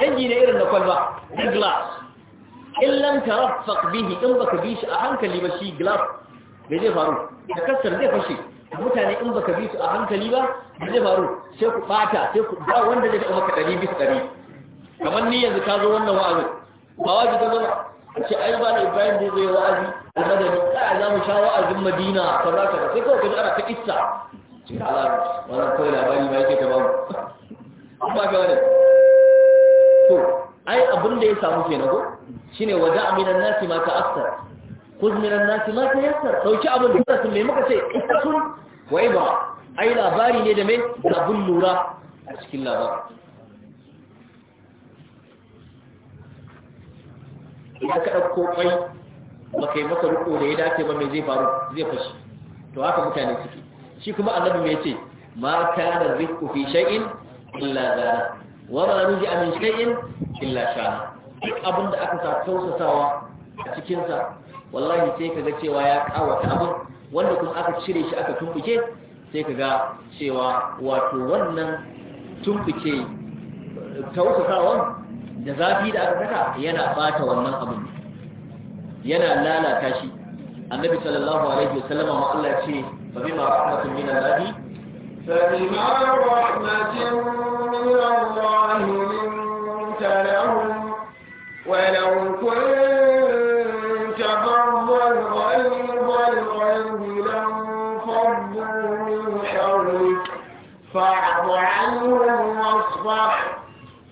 dangi ne irin na kwalba da glass in lam taraffaq bihi in baka bi shi a hankali ba shi glass me zai faru da kasar zai fashe mutane in baka bi su a hankali ba me zai faru sai ku bata sai ku ba wanda zai taɓa maka ɗari bisa ɗari kamar ni yanzu ka zo wannan wa'azin ba wajibi ka zama a ce ai ba da ibrahim zai zai wa'azi almadani ta za mu sha wa'azin madina kaza kaza sai kawai kaji ana ta isa shi da alamu wannan ai abin da ya samu ke nago shi ne waje aminan nasi ma ta aftar kuzminan nasi ma ta yassar sauki abin da sun mai maka ce sun wai ba ai labari ne da mai abin lura a cikin labar Ya ka ko ƙwai ba kai maka riko da ya dace ba mai zai faru zai fashi to haka mutane suke shi kuma annabi mai ce ma kana rizqu fi shay'in illa zana wa ma nuji min shay'in illa sha duk abinda aka sa tausasawa a cikin sa wallahi sai kaga cewa ya kawata abin wanda kuma aka cire shi aka tumbuke sai kaga cewa wato wannan tumbuke tausasawan da zafi da aka saka yana bata wannan abin yana lalata shi annabi sallallahu alaihi wasallama ma Allah ce فبما رحمة من الله فبما رحمة من الله منك لهم ولو كنت فظا غلظ القلب لانفضوا من حولك فاعف عنهم واصفح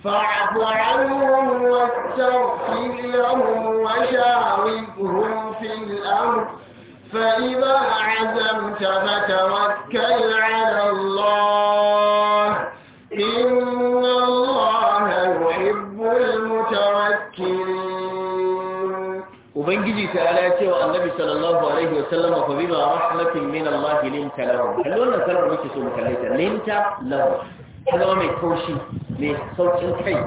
فاعف عنهم واستغفر لهم وشاركهم في الأمر فإذا عزمت فتوكل على الله إن الله يحب المتوكلين وبنجي تعالى يتوى النبي صلى الله عليه وسلم فبما رحمة من الله لنت لهم هل أن سلام لك سوى مكاليتا لنت لهم هذا ما يكوشي لصوت الحي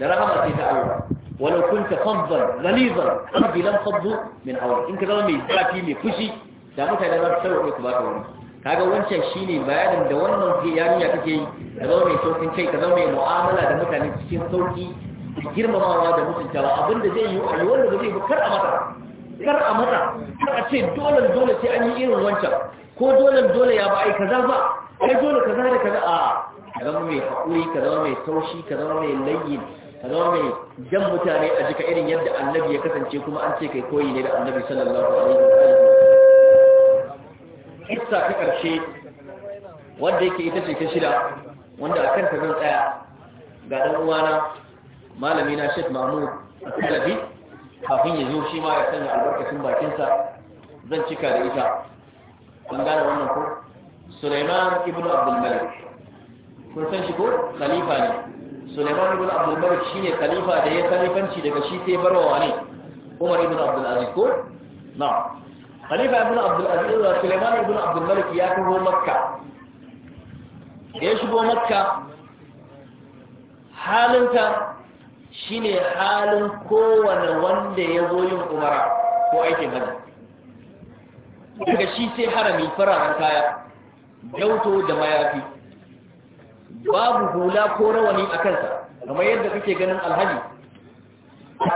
ده رحمة تعالى ولو كنت فظا غليظا قلبي لم فضوا من حولك إنك ظلم الزافي لفشي da mutane za su sauƙi ku ba ta wani kaga wancan shine bayanin da wannan yarinya kake yi ka zama mai saukin kai ka zama mai mu'amala da mutane cikin sauƙi da girmamawa da mutuntawa abin da zai yi a yi wanda ba zai kar a mata kar a mata kar a ce dole dole sai an yi irin wancan ko dole dole ya ba ai kaza ba kai dole kaza da kaza a ka zama mai haƙuri ka zama mai taushi ka zama mai layyin ka zama mai jan mutane a jika irin yadda annabi ya kasance kuma an ce kai koyi ne da annabi sallallahu alaihi wasallam kissa ta karshe wanda yake ita ce ta shida wanda a kanta zan tsaya ga dan uwana malami na Sheikh Mahmud Al-Talabi kafin ya zo shi ma ya sanya albarkacin bakinsa zan cika da ita an gane wannan ko Sulaiman ibn Abdul Malik kun san shi ko khalifa ne Suleiman ibn Abdul Malik shine khalifa da ya khalifanci daga shi sai barwa ne Umar ibn Abdul Aziz ko na khalifa ibn Abdul Aziz da Suleiman ibn Abdul Malik ya kawo Makka ya shigo Makka halinta shine halin kowane wanda ya zo yin umara ko aikin hajji daga shi sai harami fararen kaya dauto da mayafi babu hula ko rawani a kansa kamar yadda kuke ganin alhaji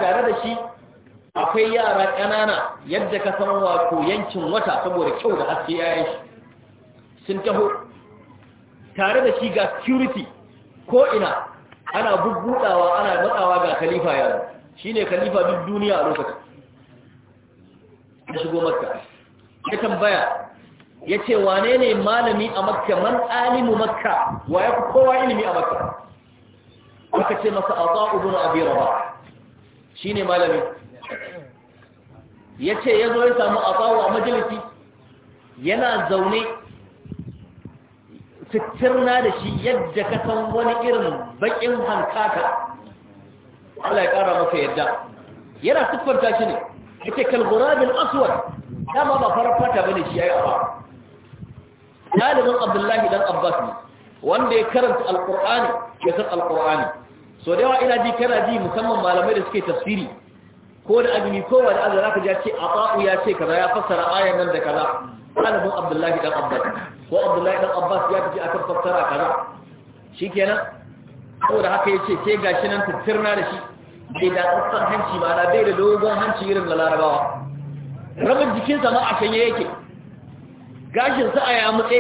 tare da shi akwai yara ƙanana yadda ka san wato yankin wata saboda kyau da haske yayin shi sun taho tare da shi ga security ko ina ana bubbudawa ana matsawa ga khalifa yaro shine khalifa duk duniya a lokacin ya shigo makka ya tambaya ya ce wane ne malami a makka man alimu makka wa ya kowa ilimi a makka aka ce masa a za'u bin abi shi ne malami ya ce ya zo ya samu a za'u a majalisi yana zaune fitirna da shi yadda ka san wani irin bakin hankaka Allah ya kara maka yadda yana siffanta shi ne ya ce kalgurabin asuwar, dama ba farar fata ne shi ya yi a ba ɗalibin abdullahi dan abbas ne wanda ya karanta alƙur'ani ya san alƙur'ani so da yawa ina ji kana ji musamman malamai da suke tafsiri ko da azumi ko wani azumi zaka ya ce ata'u ya ce kaza ya fassara ayan nan da kaza ɗalibin abdullahi dan abbas ko abdullahi dan abbas ya tafi akan fassara kaza shikenan saboda haka yace sai gashi nan tattirna da shi bai da tsantsan hanci ba na bai da dogon hanci irin da larabawa rabin jikinsa ma a shanye yake gashinsa a yamutse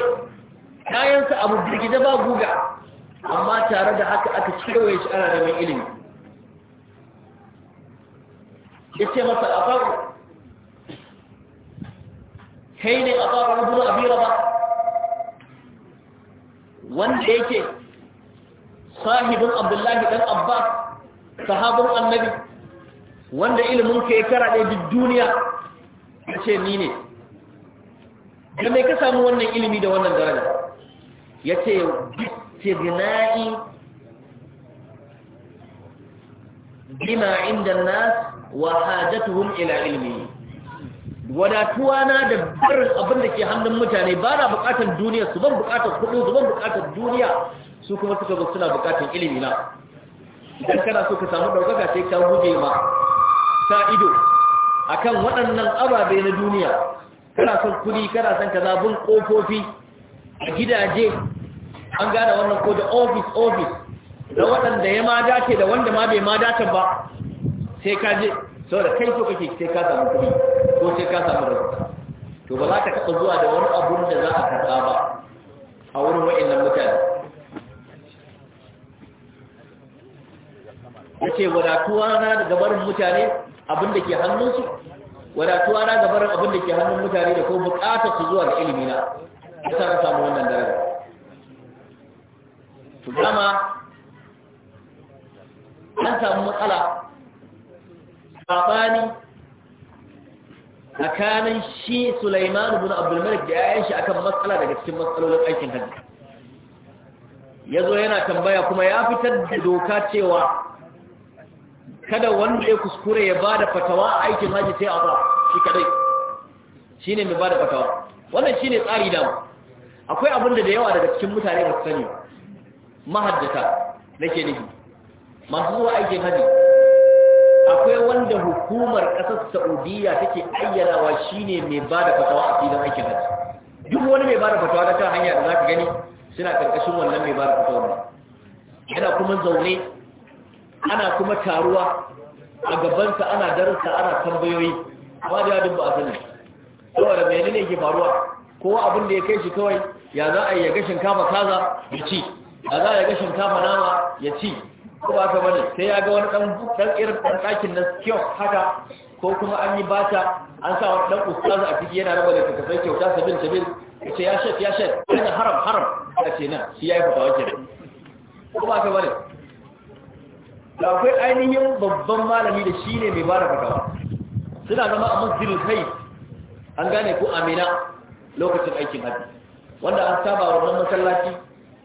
kayansa abu girgida ba guga amma tare da haka aka cewa shi ana da mai ilimi ya ce masa a faru kai ne a faru rubuna a bira ba wanda yake sahibin abdullahi dan Abba, sahabin annabi wanda ilimin ka ya kara duk duniya ya ce ni ne da mai ka samu wannan ilimi da wannan daraja ya ce bistigna'i bima inda nas wa ila ilmi wadatuwa na da barin abin da ke hannun mutane ba na bukatar duniya su ban bukatar kudu su ban bukatar duniya su kuma suka zo suna bukatar ilimi na idan kana so ka samu ɗaukaka sai ka guje ma sa ido akan waɗannan ababe na duniya kana son kuɗi kana son kaza bin ƙofofi a gidaje an gane wannan ko da ofis ofis da waɗanda ya ma dace da wanda ma bai ma dace ba sai ka je saboda kai so kake sai ka samu kuɗi ko sai ka samu rasu to ba za ka taɓa zuwa da wani abun da za a karɓa ba a wurin wa'annan mutane ya ce wadatuwa na da gabarin mutane abin da ke hannunsu wadatuwa na gabar abin da ke hannun mutane da ko bukatar su zuwa ga ilimi na ya sa na samu wannan daraja to dama an samu matsala sabani tsakanin shi Sulaiman ibn Abdul Malik da yayin shi akan matsala daga cikin matsalolin aikin hajji zo yana tambaya kuma ya fitar da doka cewa kada wanda ya kuskure ya bada fatawa a aikin haji sai a ba shi kadai shine mai bada fatawa wannan shine tsari da akwai abin da da yawa daga cikin mutane ba su sani mahaddata nake nufi masu zuwa aikin haji akwai wanda hukumar ƙasar Saudiya take ayyanawa shine mai bada fatawa a filin aikin haji duk wani mai bada fatawa da kan hanya da zaka gani suna karkashin wannan mai bada fatawa yana kuma zaune ana kuma taruwa a gabanta ana darasa ana tambayoyi amma da yadin ba a sani saboda menene ke faruwa kowa abin da ya kai shi kawai ya za a yi ya ga shinkafa kaza ya ci ya za a yi ga shinkafa nama ya ci ko ba ka bane sai ya ga wani dan dan irin dan dakin na kyau haka ko kuma an yi bata an sa wani dan ustaz a ciki yana raba da takafai kyauta sabin sabin ya ce ya shef ya shef ina haram haram ya ce na shi ya yi fatawa kenan ko ba ka bane da akwai ainihin babban malami da shi ne mai ba da fatawa suna zama a masjidin kai an gane ko amina lokacin aikin hajji wanda an saba wannan masallaci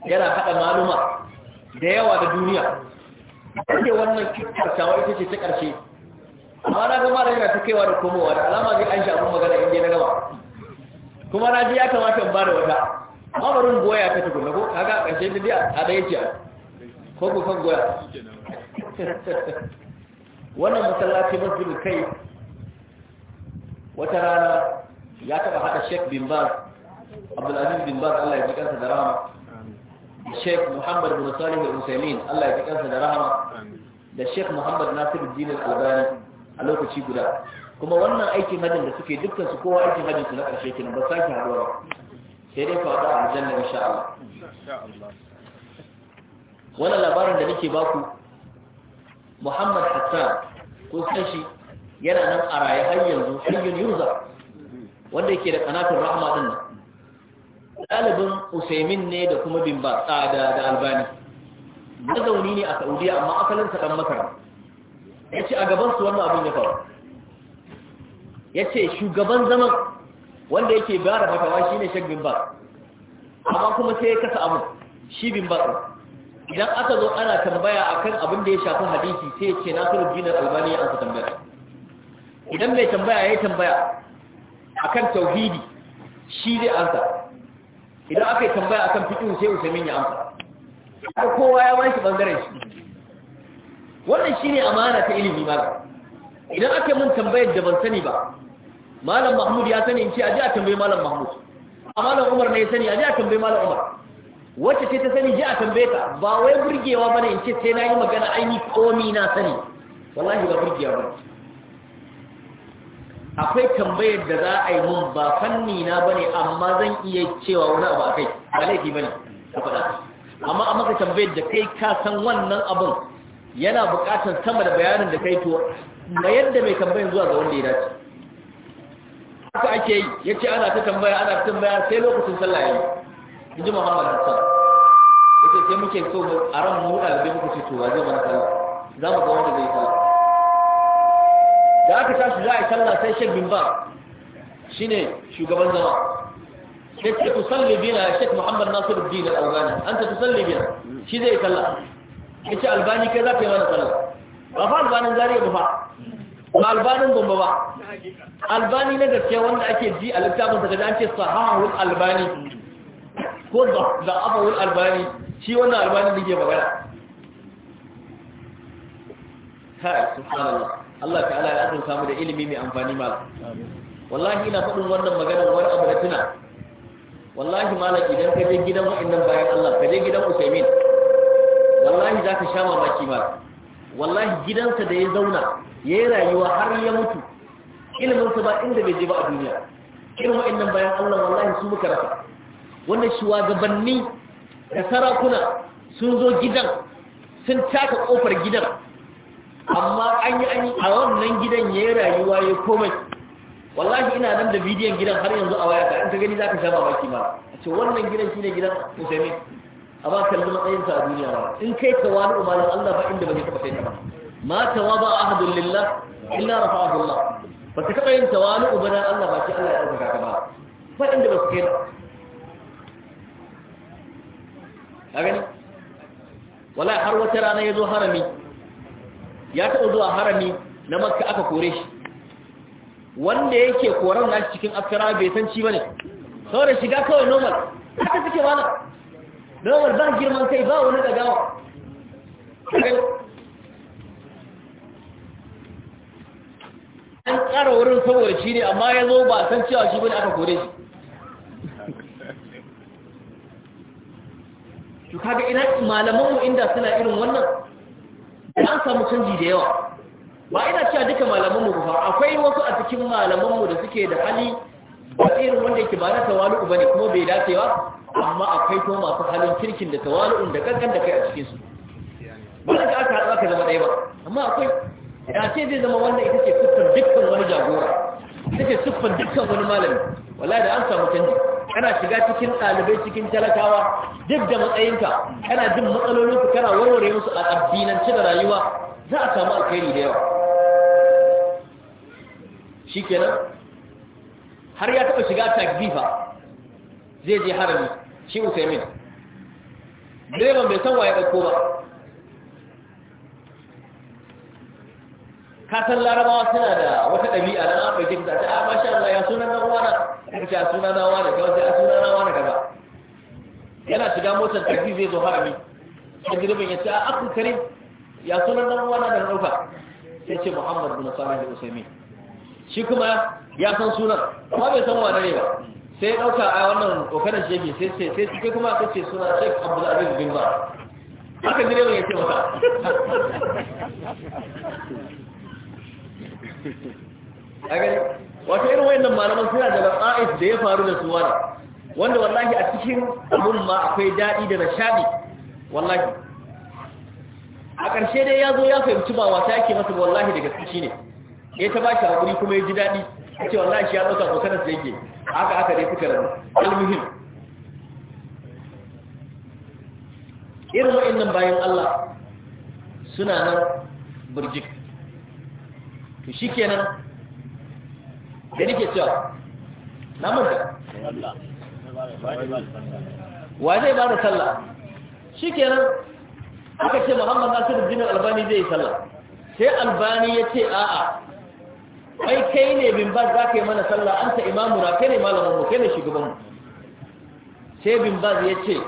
yana haɗa maluma da yawa da duniya ake wannan karshawa ita ce ta ƙarshe amma na ga da yana ta kaiwa da komowa da alama zai an shafin magana inda na gaba kuma na ji ya kamata in ba da wata amarin goya ta tukuna ko kaga ƙarshe da biya a ɗaya ce ko kan goya wannan masallaci masjidul kai wata rana ya taba hada Sheikh bin Baz Abdulaziz bin Baz Allah ya ji kansa da rahama Sheikh Muhammad bin Salih al-Utsaimin Allah ya ji kansa da rahama da Sheikh Muhammad Nasiruddin al-Albani a lokaci guda kuma wannan aikin hajjin da suke dukkan su kowa aikin hajjin su na karshe kenan ba sake haduwa ba sai dai fada a aljanna insha Allah wannan labarin da nake baku muhammad hassan ko shi yana nan a raye har yanzu hayyun yurza wanda yake da kanatun rahama din nan Dalibin usaimin ne da kuma bimba da albani zauni ne a saudiya amma asalin sa dan makar ya ce a su wannan abin ya faru ya ce shugaban zaman wanda yake bayar da fatawa shi ne shek bimba amma kuma sai ya kasa abu, shi bimba idan aka zo ana tambaya akan abin da ya shafi hadisi sai ce Nasiruddin Albani ya amsa tambaya idan mai tambaya ya tambaya akan tauhidi shi zai amsa idan aka yi tambaya akan fiqh sai Usamin ya amsa ko kowa ya wani bangaren shi wannan shine amana ta ilimi ba idan aka mun tambayar da ban sani ba malam Mahmud ya sani in ce aje a tambayi malam Mahmud a malam Umar ne ya sani aje a tambayi malam Umar wacce ce ta sani ji a tambaye ta ba wai burgewa bane in ce sai na yi magana aini komi na sani wallahi ba burgewa ba akwai tambayar da za a yi mun ba fanni na bane amma zan iya cewa wani abu akai ba laifi bane ka faɗa amma a maka tambayar da kai ka san wannan abun yana buƙatar sama da bayanin da kai to na yadda mai tambayar zuwa ga wanda ya dace haka ake yi yace ana ta tambaya ana ta tambaya sai lokacin sallah yayi in ji mama wannan can ita sai muke so a ran mu ɗalibai bai ce to wa zai mana sallah za mu ga wanda zai sallah da aka tashi za a yi sallah sai shek bin ba shine shugaban zama sai ta ku salli bina shek muhammad nasiru dina albani an ta tusalli bina shi zai kalla ya ce albani kai za ka yi mana sallah ba fa albanin zariya ba fa ba albanin gombe ba albani na gaske wanda ake ji a littafin sa an ce sahahul albani ko da abawul albani shi wannan albani da ke magana kai subhanallah Allah ta'ala ya azurta mu da ilimi mai amfani malam wallahi ina faɗin wannan maganar wani abu da tuna wallahi malam idan ka je gidan wa'annan bayan Allah ka je gidan Usaimin wallahi za ka sha mamaki malam wallahi gidansa da ya zauna ya yi rayuwa har ya mutu iliminsa ba inda bai je ba a duniya irin wa'annan bayan Allah wallahi su muka rasa wanda shugabanni da sarakuna sun zo gidan sun taka kofar gidan amma an yi a wannan gidan ya yi rayuwa ya komai wallahi ina nan da bidiyon gidan har yanzu a wayata in ka gani za ka sha mamaki ma a ce wannan gidan shine gidan musulmi a ba kalli matsayinsa a duniya ba in kai ka wani umarin allah ba inda bane zai taɓa kai ta ba ma tawa ba hadun lillah illa rafa'ahu allah ba ta taɓa yin tawani ubanan allah ba ce allah ya ɗauka ka ba ba inda ba su kai gani wallahi har wata rana ya zo harami ya taɓa zuwa harami na makka aka kore shi wanda yake koran nashi cikin askara bai san ci bane saboda shiga kawai normal haka suke na. normal ba girman kai ba wani dagawa an tsara wurin saboda shi ne amma ya zo ba san cewa shi bane aka kore shi to kaga ina malaman mu inda suna irin wannan an samu canji da yawa ba ina cewa duka malaman mu ba akwai wasu a cikin malaman mu da suke da hali ba irin wanda yake ba na tawalu bane kuma bai ba amma akwai kuma masu halin kirkin da tawalu'un da kankan da kai a cikin su ba da aka haɗa ka zama ɗaya ba amma akwai ya ce zai zama wannan ita ce sufan dukkan wani jagora ita ce siffar dukkan wani malami wallahi da an samu canji kana shiga cikin ɗalibai cikin talakawa duk da matsayinka kana jin matsalolin ku kana warware musu a addinance da rayuwa za a samu alkhairi da yawa shikenan har ya taɓa shiga takbifa zai je harami shi usaimin direban bai san waye ɗauko ba ka san larabawa suna da wata ɗabi'a na an ɗauke ta ta ah, a masha Allah ya sunan na wani ka ce sunan na wani ka wace a sunan na wani kaza yana shiga motar taxi zai zo harami sai direban ya ce a ah, akun karim ya sunan na wani da ɗauka sai ce Muhammad bin Salih al-Usaimi shi kuma ya san sunan kuma bai san wani ne ba sai ya ɗauka a wannan kokarin shi yake sai sai sai sai kuma ka ce sunan Sheikh Abdul Aziz bin ba haka direban ya ce masa a gani wato irin wayannan malaman suna daga ƙa'is da ya faru da su wani wanda wallahi a cikin abun ma akwai daɗi da nashadi wallahi a ƙarshe dai ya zo ya fahimci ba wata yake masa wallahi daga gaske ne ya ta bashi haƙuri kuma ya ji daɗi ya ce wallahi shi ya ɗauka kokarin sa yake haka haka dai suka rabu almuhim irin wa'annan bayan Allah suna nan burjik to shi kenan da nake cewa na mutu wa zai ba da sallah shi kenan aka ce muhammad nasiru jinin albani zai yi sallah sai albani ya ce a'a ai kai ne bin ba za ka yi mana sallah an ta imamu na kai ne malamin mu kai ne shugabanmu sai bin ba ya ce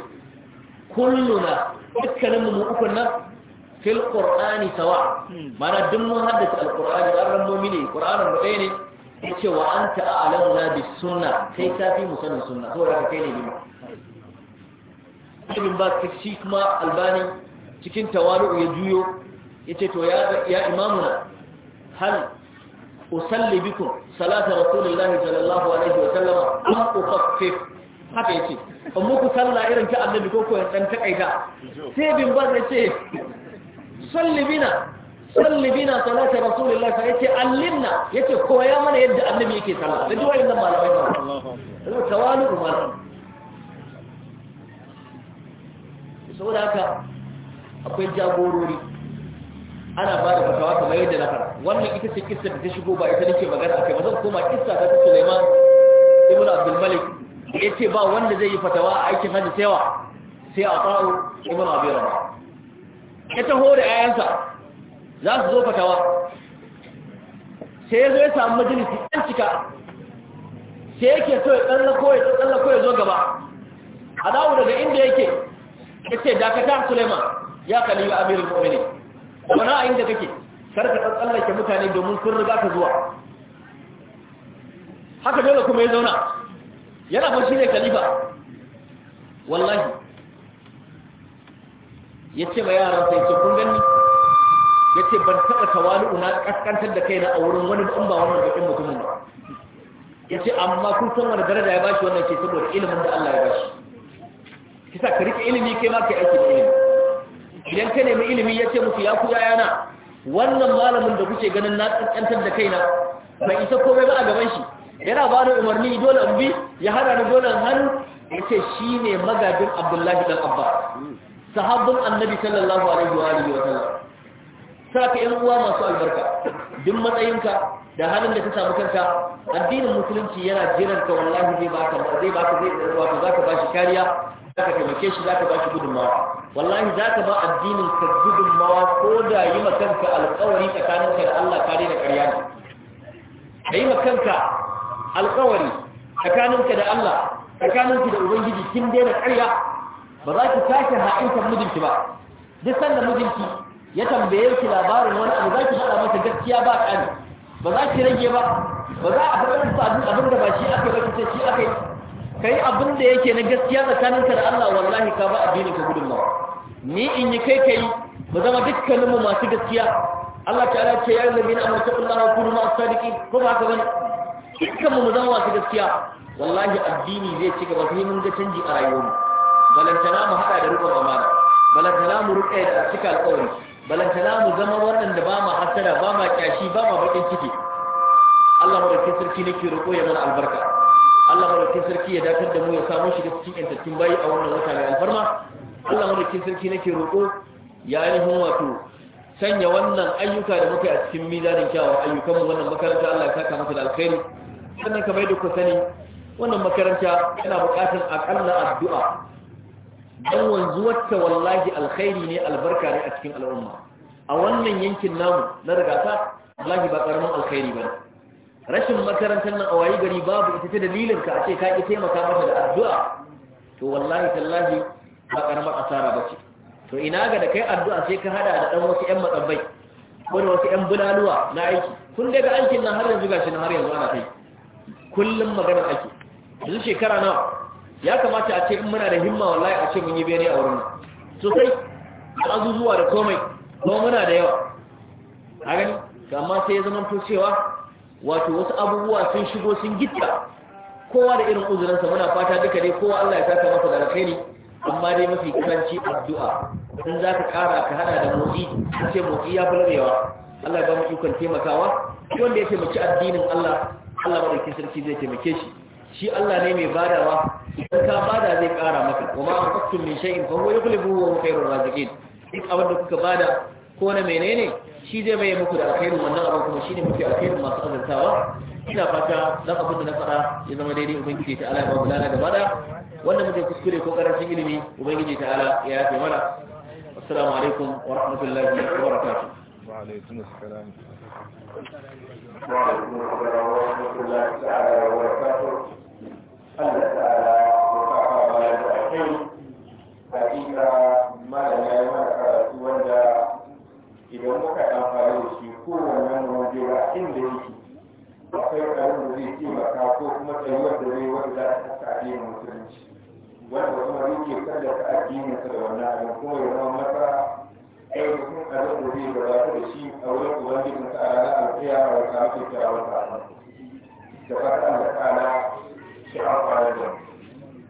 kulluna dukkaninmu mu ukun nan fil qur'ani sawa hmm. mana duk mun haddace alqur'ani dan ran mu'mini qur'anin mu ɗaya ne yace wa anta a'lamuna bis sunna kai ka fi musannin sunna saboda ka kai ne bima ibn ba shi kuma albani cikin tawalu ya juyo yace to ya ya imamuna hal usalli bikum salata rasulillahi sallallahu alaihi wa sallam am ufaffif haka yace amma ku sallah irin ta annabi ko ko dan takaita sai bin ba ce. salli bina na bina rasulullahi sai yace allimna yace koya mana yadda annabi yake sallah da duk wannan malamai ba Allah tawalu umar saboda haka akwai jagorori ana ba da fatawa kamar yadda na fara wannan ita ce kissa da ta shigo ba ita nake magana akai ba zan koma kissa ta ta Sulaiman ibn Abdul Malik yace ba wanda zai yi fatawa a aikin hajji sai wa sai a ta'u ibn Abi Rabah ya taho da 'ya'yansa za su zo fatawa sai ya zo ya samu majalisi ɗan cika sai yake so ya tsallako ya zo gaba a dawo daga inda yake ya ce dakatar suleiman ya kalli wa amirin Da wani a inda kake karka tsallake mutane domin sun riga ka zuwa haka dole kuma ya zauna yana fashi ne kalifa wallahi ya ce ma yaran ya ce kun gani ya ce ban taɓa tawali'u na ƙasƙantar da kaina a wurin wani in ba wannan baƙin mutumin ba ya ce amma kun san wani daraja ya bashi wannan ce saboda ilimin da Allah ya bashi kisa ka rike ilimi kai ma kai aiki ilimi idan ka nemi ilimi ya ce musu ya ku yana wannan malamin da kuke ganin na ƙasƙantar da kaina bai isa komai ba a gaban shi yana ba da umarni dole in bi ya hada ni dole hannu ya ce shi ne magajin abdullahi dan abba sahabbin annabi sallallahu alaihi wa sallam saka yan uwa masu albarka duk matsayinka da halin da ka samu kanka addinin musulunci yana jiran ka wallahi zai ba baka zai ba ka zai ka zaka shi kariya zaka taimake shi zaka shi gudunmawa wallahi zaka ba addinin ka gudunmawa ko da yi ma kanka alƙawari tsakaninka da Allah kare da ƙarya ne kai ma kanka alƙawari tsakaninka da Allah tsakaninki da ubangiji kin daina ƙarya ba za ki kashe haƙinkan mijinki ba duk sanda mijinki ya tambaye ki labarin wani abu za ki faɗa masa gaskiya ba ƙani ba za ki rage ba ba za a faɗa masa abin da ba shi aka ba ki shi aka yi ka yi abin da yake na gaskiya tsakaninka da Allah wallahi ka ba addinin ka gudunmawa ni in yi kai ka yi mu zama dukkaninmu masu gaskiya Allah ta'ala ce ya yi na amurka Allah wa kunu masu sadiki ko ba ka bane dukkanmu mu zama masu gaskiya wallahi addini zai ci gaba sai mun ga canji a rayuwarmu balantana mu haɗa da rukun amana balantana mu ruƙe da cika alƙawari balantana mu zama wannan da ba ma hasara ba ma kyashi ba ma baƙin ciki Allah madaukakin sarki nake roƙo ya mana albarka Allah madaukakin sarki ya dakatar da mu ya samu shi da cikin yantattun bayi a wannan wata mai alfarma Allah madaukakin sarki nake roƙo ya ainihin wato sanya wannan ayyuka da muka a cikin mizanin kyawun ayyukanmu wannan makaranta Allah ya saka masa da alkhairi sannan kamar yadda ku sani wannan makaranta yana buƙatar akalla addu'a don wanzuwarta wallahi alkhairi ne albarka ne a cikin al'umma a wannan yankin namu na rigata wallahi ba karamin alkhairi ba rashin makarantar nan a wayi gari babu ita ta dalilin ka a ce ka ki taimaka mata da addu'a to wallahi tallahi ba karamar asara ba ce to ina ga da kai addu'a sai ka hada da dan wasu ƴan matsabbai ko da wasu ƴan bulaluwa na aiki kun daga aikin nan har yanzu gashi na har yanzu ana kai kullum magana ake yanzu shekara nawa ya kamata a ce in muna da himma wallahi a ce mun yi bene a wurin sosai da azuzuwa da komai kuma muna da yawa a gani amma sai ya zama to cewa wato wasu abubuwa sun shigo sun gitta kowa da irin uzurinsa muna fata duka dai kowa Allah ya saka masa da alkhairi amma dai mafi karanci addu'a in za ka kara ka hada da motsi ce motsi ya fi Allah ya ba mu ikon taimakawa shi wanda ya taimaki addinin Allah Allah da sarki zai taimake shi shi Allah ne mai badawa idan ka bada zai kara maka kuma a faktun min shay'in fa huwa yughlibu wa huwa khairur raziqin duk abin da kuka bada ko na menene shi zai mai muku da alkhairin wannan abin kuma shine muke alkhairin masu azantawa ina fata za abin da na fara ya zama daidai ubangiji ta Allah ya ba mu lana gaba da wannan muke kuskure ko karancin ilimi ubangiji ta Allah ya yafe mana assalamu alaikum wa rahmatullahi wa barakatuh wa wa wa hakika malama ya mana karatu wanda idan muka yi amfani da shi waje ba inda yake akwai karin da zai taimaka ko kuma tsayuwar da zai wanda za ta saka addinin musulunci wanda kuma yake tallata addininsa da wannan abin kuma ya zama masa ainihin abin da zai gabata da shi a wurin ubangijin sa a ranar alkiyama da kamar ta wata da fata da kana shi amfani da mu